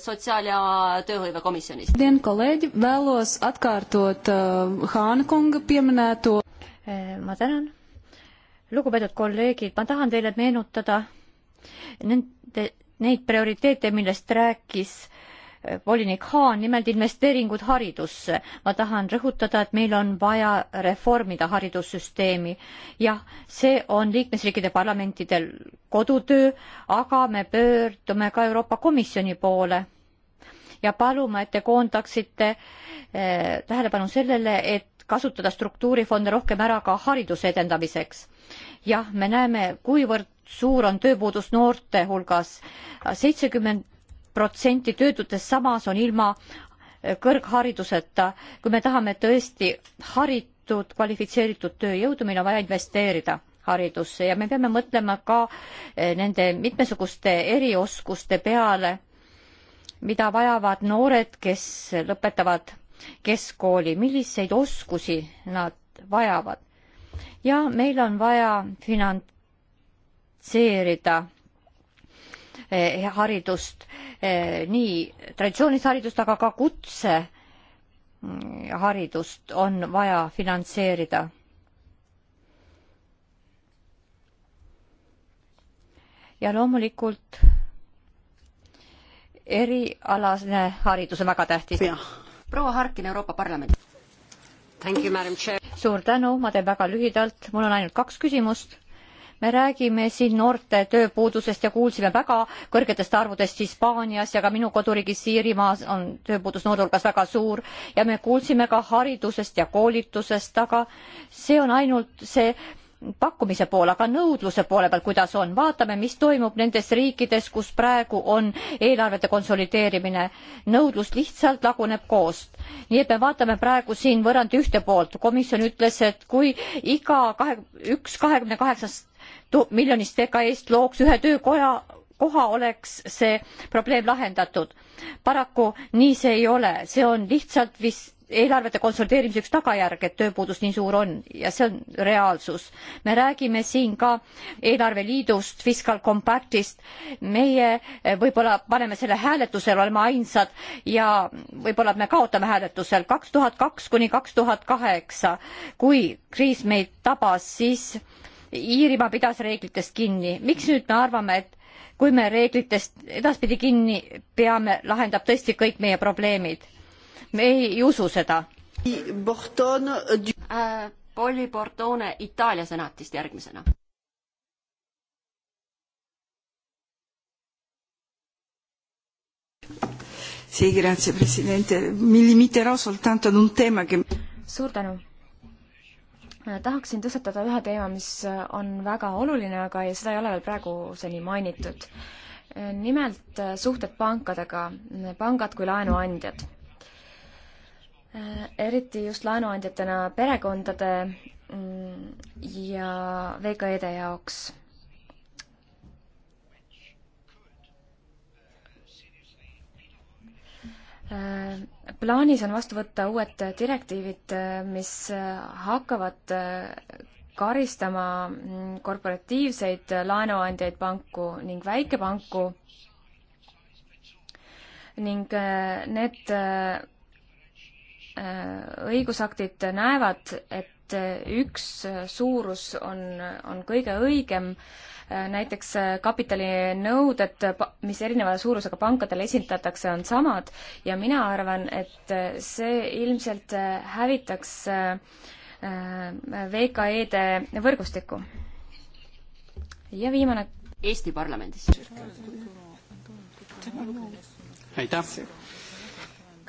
sotsiaal- ja tööhõivekomisjonist. teen kolleegid, välos atkārtot uh, eh, Haan Konga pieminätu. Eh, ma tänan. lugupeetud kolleegid, ma tahan teile meenutada nende, neid prioriteete, millest rääkis volinik Haan, nimelt investeeringud haridusse. ma tahan rõhutada, et meil on vaja reformida haridussüsteemi. jah, see on liikmesriikide parlamentidel kodutöö, aga me pöördume ka Euroopa Komisjoni poole ja paluma, et te koondaksite eh, tähelepanu sellele, et kasutada struktuurifonde rohkem ära ka hariduse edendamiseks. jah, me näeme, kuivõrd suur on tööpuudus noorte hulgas. seitsekümmend protsenti töötutest samas on ilma äh, kõrghariduseta. kui me tahame tõesti haritud, kvalifitseeritud tööjõudu, meil on vaja investeerida haridusse ja me peame mõtlema ka äh, nende mitmesuguste erioskuste peale, mida vajavad noored, kes lõpetavad keskkooli, milliseid oskusi nad vajavad. ja meil on vaja finantseerida Eh, haridust, eh, nii traditsioonilist haridust, aga ka kutseharidust mm, on vaja finantseerida. ja loomulikult erialasne haridus on väga tähtis. proua Harkin, Euroopa Parlament. suur tänu, ma teen väga lühidalt, mul on ainult kaks küsimust me räägime siin noorte tööpuudusest ja kuulsime väga kõrgetest arvudest Hispaanias ja ka minu koduriigis Iirimaas on tööpuudus noorte hulgas väga suur ja me kuulsime ka haridusest ja koolitusest, aga see on ainult see pakkumise pool, aga nõudluse poole peal, kuidas on, vaatame, mis toimub nendes riikides, kus praegu on eelarvete konsolideerimine. nõudlus lihtsalt laguneb koost. nii et me vaatame praegu siin võrrandi ühte poolt, komisjon ütles, et kui iga kahe, üks kahekümne kaheksast miljonist VKE-st looks ühe töökoja, koha oleks see probleem lahendatud. paraku nii see ei ole, see on lihtsalt vist eelarvete konsolideerimise üks tagajärg, et tööpuudus nii suur on ja see on reaalsus. me räägime siin ka eelarveliidust, fiscal compact'ist, meie eh, võib-olla paneme selle hääletusele, oleme ainsad ja võib-olla me kaotame hääletusel kaks tuhat kaks kuni kaks tuhat kaheksa, kui kriis meid tabas, siis Iirimaa pidas reeglitest kinni. miks nüüd me arvame, et kui me reeglitest edaspidi kinni peame, lahendab tõesti kõik meie probleemid? me ei usu seda. Polli Bortone Itaalia senatist järgmisena. Sì, grazie Presidente. Mi limiterò soltanto ad un tema che... Suur tänu tahaksin tõstatada ühe teema, mis on väga oluline, aga seda ei ole veel praeguseni mainitud. nimelt äh, suhted pankadega, pangad kui laenuandjad. Äh, eriti just laenuandjatena perekondade mm, ja VKE-de jaoks Äh, plaanis on vastu võtta uued direktiivid, äh, mis äh, hakkavad karistama mm, korporatiivseid laenuandjaid, panku ning väikepanku ning need õigusaktid näevad, et üks suurus on, on kõige õigem äh, Äh, näiteks äh, kapitalinõuded, mis erineva suurusega pankadele esitatakse, on samad ja mina arvan, et äh, see ilmselt hävitaks VKE-de võrgustikku. ja viimane. Eesti parlamendis. aitäh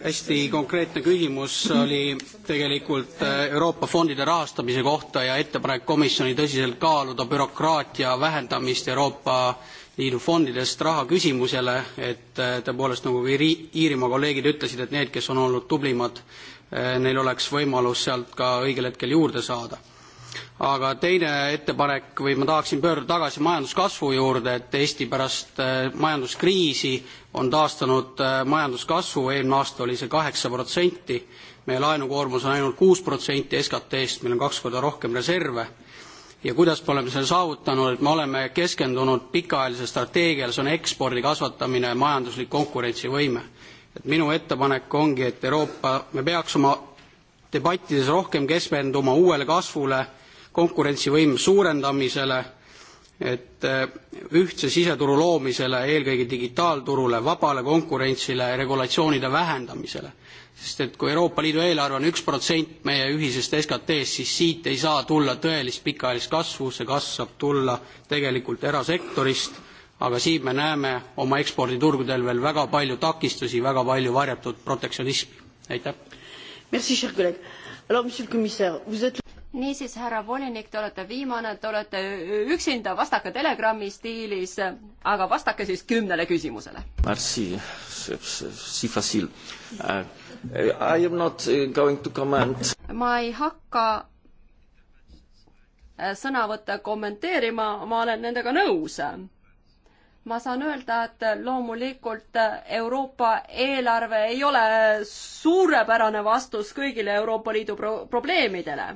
hästi konkreetne küsimus oli tegelikult äh, Euroopa fondide rahastamise kohta ja ettepanek komisjoni tõsiselt kaaluda bürokraatia vähendamist Euroopa Liidu fondidest raha küsimusele, et äh, tõepoolest, nagu ka Iirimaa kolleegid ütlesid, et need, kes on olnud tublimad, äh, neil oleks võimalus sealt ka õigel hetkel juurde saada aga teine ettepanek või ma tahaksin pöörduda tagasi majanduskasvu juurde, et Eesti pärast äh, majanduskriisi on taastanud äh, majanduskasvu, eelmine aasta oli see kaheksa protsenti, meie laenukoormus on ainult kuus protsenti SKT-st, meil on kaks korda rohkem reserve ja kuidas me oleme selle saavutanud, et me oleme keskendunud pikaajalise strateegiale, see on ekspordi kasvatamine, majanduslik konkurentsivõime. et minu ettepanek ongi, et Euroopa, me peaks oma debattides rohkem keskenduma uuele kasvule, konkurentsivõime suurendamisele, et eh, ühtse siseturu loomisele, eelkõige digitaalturule, vabale konkurentsile, regulatsioonide vähendamisele. sest et kui Euroopa Liidu eelarve on üks protsent meie ühisest SKT-st, siis siit ei saa tulla tõelist pikaajalist kasvu, see kasv saab tulla tegelikult erasektorist, aga siin me näeme oma eksporditurgudel veel väga palju takistusi, väga palju varjatud protektsionismi, aitäh. Merci, cher collègue. Alors, monsieur le commissaire, vous êtes niisiis, härra volinik, te olete viimane, te olete üksinda, vastake telegrammi stiilis, aga vastake siis kümnele küsimusele. Merci, si facile uh,. I am not uh, going to comment. ma ei hakka äh, sõnavõtte kommenteerima, ma olen nendega nõus ma saan öelda, et loomulikult Euroopa eelarve ei ole suurepärane vastus kõigile Euroopa Liidu pro probleemidele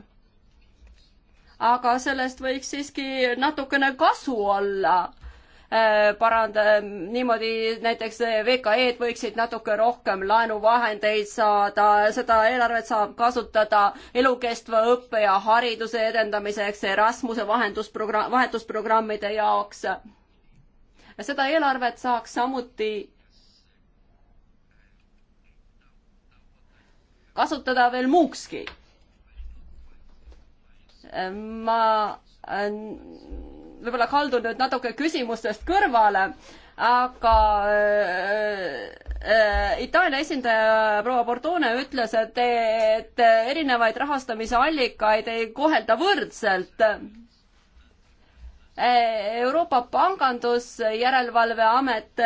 aga sellest võiks siiski natukene kasu olla äh, paranda-, niimoodi näiteks VKE-d võiksid natuke rohkem laenuvahendeid saada, seda eelarvet saab kasutada elukestva õppe ja hariduse edendamiseks, Erasmuse vahendusprogramm, vahetusprogrammide jaoks. seda eelarvet saaks samuti kasutada veel muukski ma äh, võib-olla kaldun nüüd natuke küsimustest kõrvale, aga äh, äh, Itaalia esindaja proua Portone ütles, et, et erinevaid rahastamise allikaid ei kohelda võrdselt. Euroopa Pangandusjärelevalveamet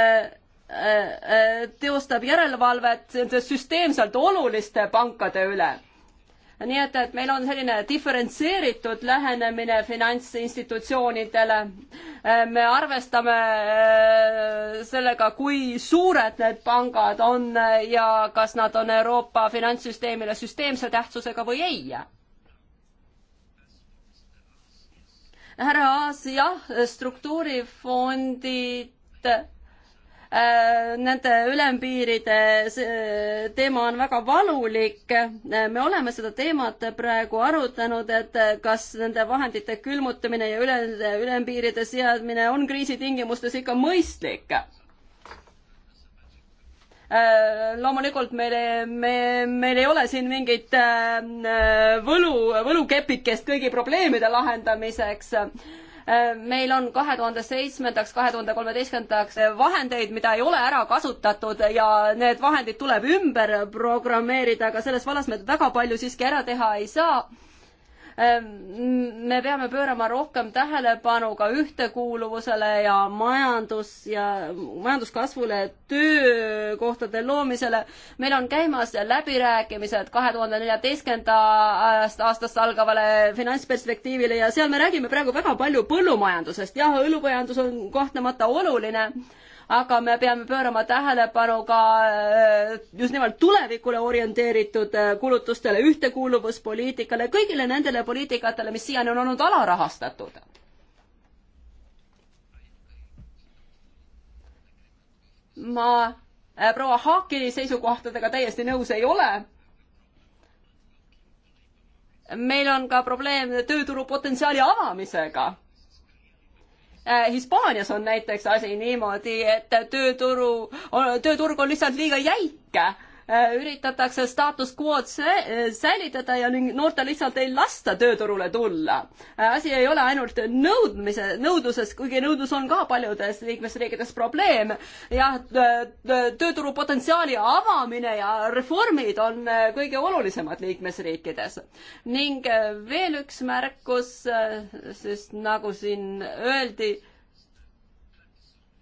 teostab järelevalvet süsteemselt oluliste pankade üle nii et, et meil on selline diferentseeritud lähenemine finantsinstitutsioonidele. Äh, me arvestame äh, sellega, kui suured need pangad on äh, ja kas nad on Euroopa finantssüsteemile süsteemse tähtsusega või ei härra Aas, jah, struktuurifondid Äh, nende ülempiiride äh, teema on väga valulik. Äh, me oleme seda teemat praegu arutanud, et kas nende vahendite külmutamine ja üle, ülempiiride seadmine on kriisitingimustes ikka mõistlik. loomulikult meil, me, meil ei ole siin mingit võlu, võlukepikest kõigi probleemide lahendamiseks Äh, meil on kahe tuhande seitsmendaks, kahe tuhande kolmeteistkümnendaks äh, vahendeid, mida ei ole ära kasutatud ja need vahendid tuleb ümber programmeerida, aga selles vallas me väga palju siiski ära teha ei saa Ehm, me peame pöörama rohkem tähelepanu ka ühtekuuluvusele ja majandus ja majanduskasvule, töökohtade loomisele. meil on käimas läbirääkimised kahe tuhande neljateistkümnenda aastast algavale finantsperspektiivile ja seal me räägime praegu väga palju põllumajandusest. jah, õllumajandus on kahtlemata oluline aga me peame pöörama tähelepanu ka äh, just nimelt tulevikule orienteeritud äh, kulutustele, ühtekuuluvuspoliitikale, kõigile nendele poliitikatele, mis siiani on olnud alarahastatud. ma äh, proua Haaki seisukohtadega täiesti nõus ei ole meil on ka probleem tööturu potentsiaali avamisega. Äh, Hispaanias on näiteks asi niimoodi, et tööturu, tööturg on lihtsalt liiga jäik Äh, üritatakse staatus quo'd äh, säilitada ja noortel lihtsalt ei lasta tööturule tulla. Äh, asi ei ole ainult nõudmise, nõudluses, kuigi nõudlus on ka paljudes liikmesriikides probleem, jah, tööturu potentsiaali avamine ja reformid on kõige olulisemad liikmesriikides. ning veel üks märkus, sest nagu siin öeldi,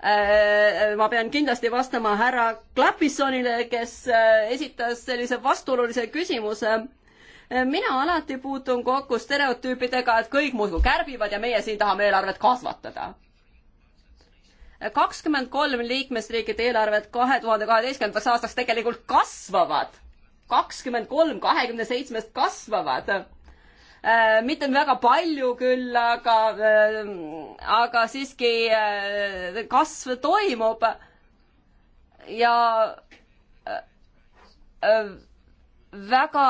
Äh, ma pean kindlasti vastama härra Klapissonile, kes äh, esitas sellise vastuolulise küsimuse. Äh, mina alati puutun kokku stereotüüpidega, et kõik muudkui kärbivad ja meie siin tahame eelarvet kasvatada. kakskümmend kolm liikmesriikide eelarved kahe tuhande kaheteistkümnendaks aastaks tegelikult kasvavad. kakskümmend kolm kahekümne seitsmest kasvavad Äh, mitte väga palju küll, aga, äh, aga siiski äh, kasv toimub. ja väga,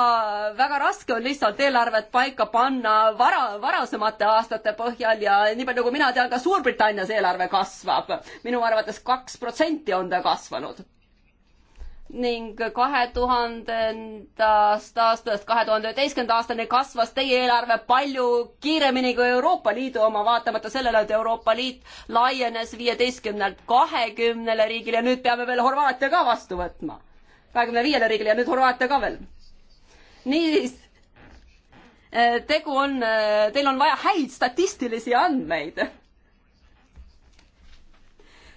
väga raske on lihtsalt eelarvet paika panna vara, varasemate aastate põhjal ja nii palju, kui mina tean, ka Suurbritannias eelarve kasvab. minu arvates kaks protsenti on ta kasvanud ning kahe tuhandendast aastast kahe tuhande üheteistkümnenda aastani kasvas teie eelarve palju kiiremini kui Euroopa Liidu oma, vaatamata sellele, et Euroopa Liit laienes viieteistkümnelt kahekümnele riigile, nüüd peame veel Horvaatia ka vastu võtma. kahekümne viiele riigile ja nüüd Horvaatia ka veel. niisiis, eh, tegu on, eh, teil on vaja häid statistilisi andmeid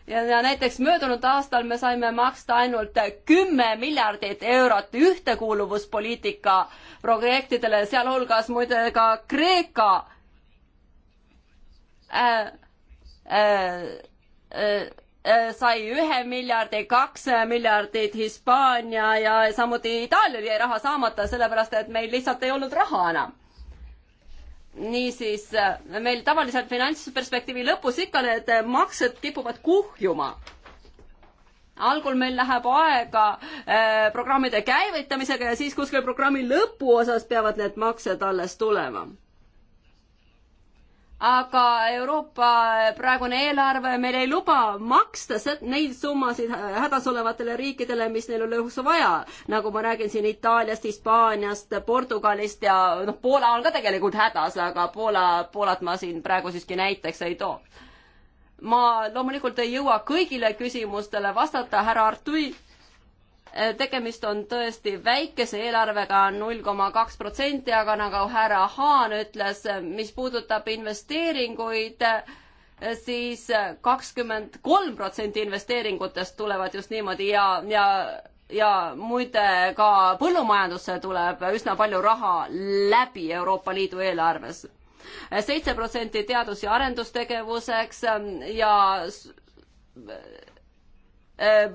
ja, ja näiteks möödunud aastal me saime maksta ainult kümme miljardit eurot ühtekuuluvuspoliitika projektidele, sealhulgas muide ka Kreeka äh, äh, äh, äh, sai ühe miljardi, kaks miljardit Hispaania ja samuti Itaalial jäi raha saamata, sellepärast et meil lihtsalt ei olnud raha enam niisiis äh, meil tavaliselt finantsperspektiivi lõpus ikka need äh, maksed kipuvad kuhjuma algul meil läheb aega eh, programmide käivitamisega ja siis kuskil programmi lõpuosas peavad need maksed alles tulema aga Euroopa praegune eelarve meil ei luba maksta neid summasid hädas olevatele riikidele, mis neil on lõhus vaja. nagu ma räägin siin Itaaliast, Hispaaniast, Portugalist ja noh, Poola on ka tegelikult hädas, aga Poola, Poolat ma siin praegu siiski näiteks ei too ma loomulikult ei jõua kõigile küsimustele vastata, härra Artui Äh, tegemist on tõesti väikese eelarvega, null koma kaks protsenti, aga nagu härra Haan ütles, mis puudutab investeeringuid, äh, siis kakskümmend kolm protsenti investeeringutest tulevad just niimoodi ja, ja ja muide ka põllumajandusse tuleb üsna palju raha läbi Euroopa Liidu eelarves. seitse protsenti teadus- ja arendustegevuseks ähm, ja Äh,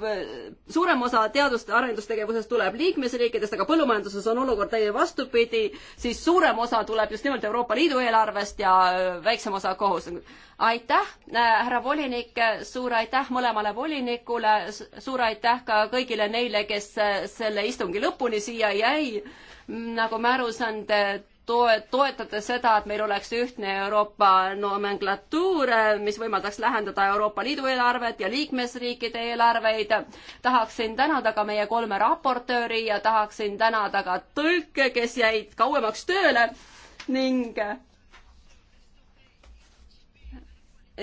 suurem osa teadus- ja arendustegevusest tuleb liikmesriikidest, aga põllumajanduses on olukord täie vastupidi, siis suurem osa tuleb just nimelt Euroopa Liidu eelarvest ja äh, väiksem osa kohus. aitäh, äh, härra volinik, suur aitäh mõlemale volinikule, suur aitäh ka kõigile neile, kes selle istungi lõpuni siia jäi. nagu määrus on, toe-, toetate seda, et meil oleks ühtne Euroopa nomenklatuur, mis võimaldaks lähendada Euroopa Liidu eelarvet ja liikmesriikide eelarveid. tahaksin tänada ka meie kolme raportööri ja tahaksin tänada ka tõlke, kes jäid kauemaks tööle ning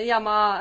ja ma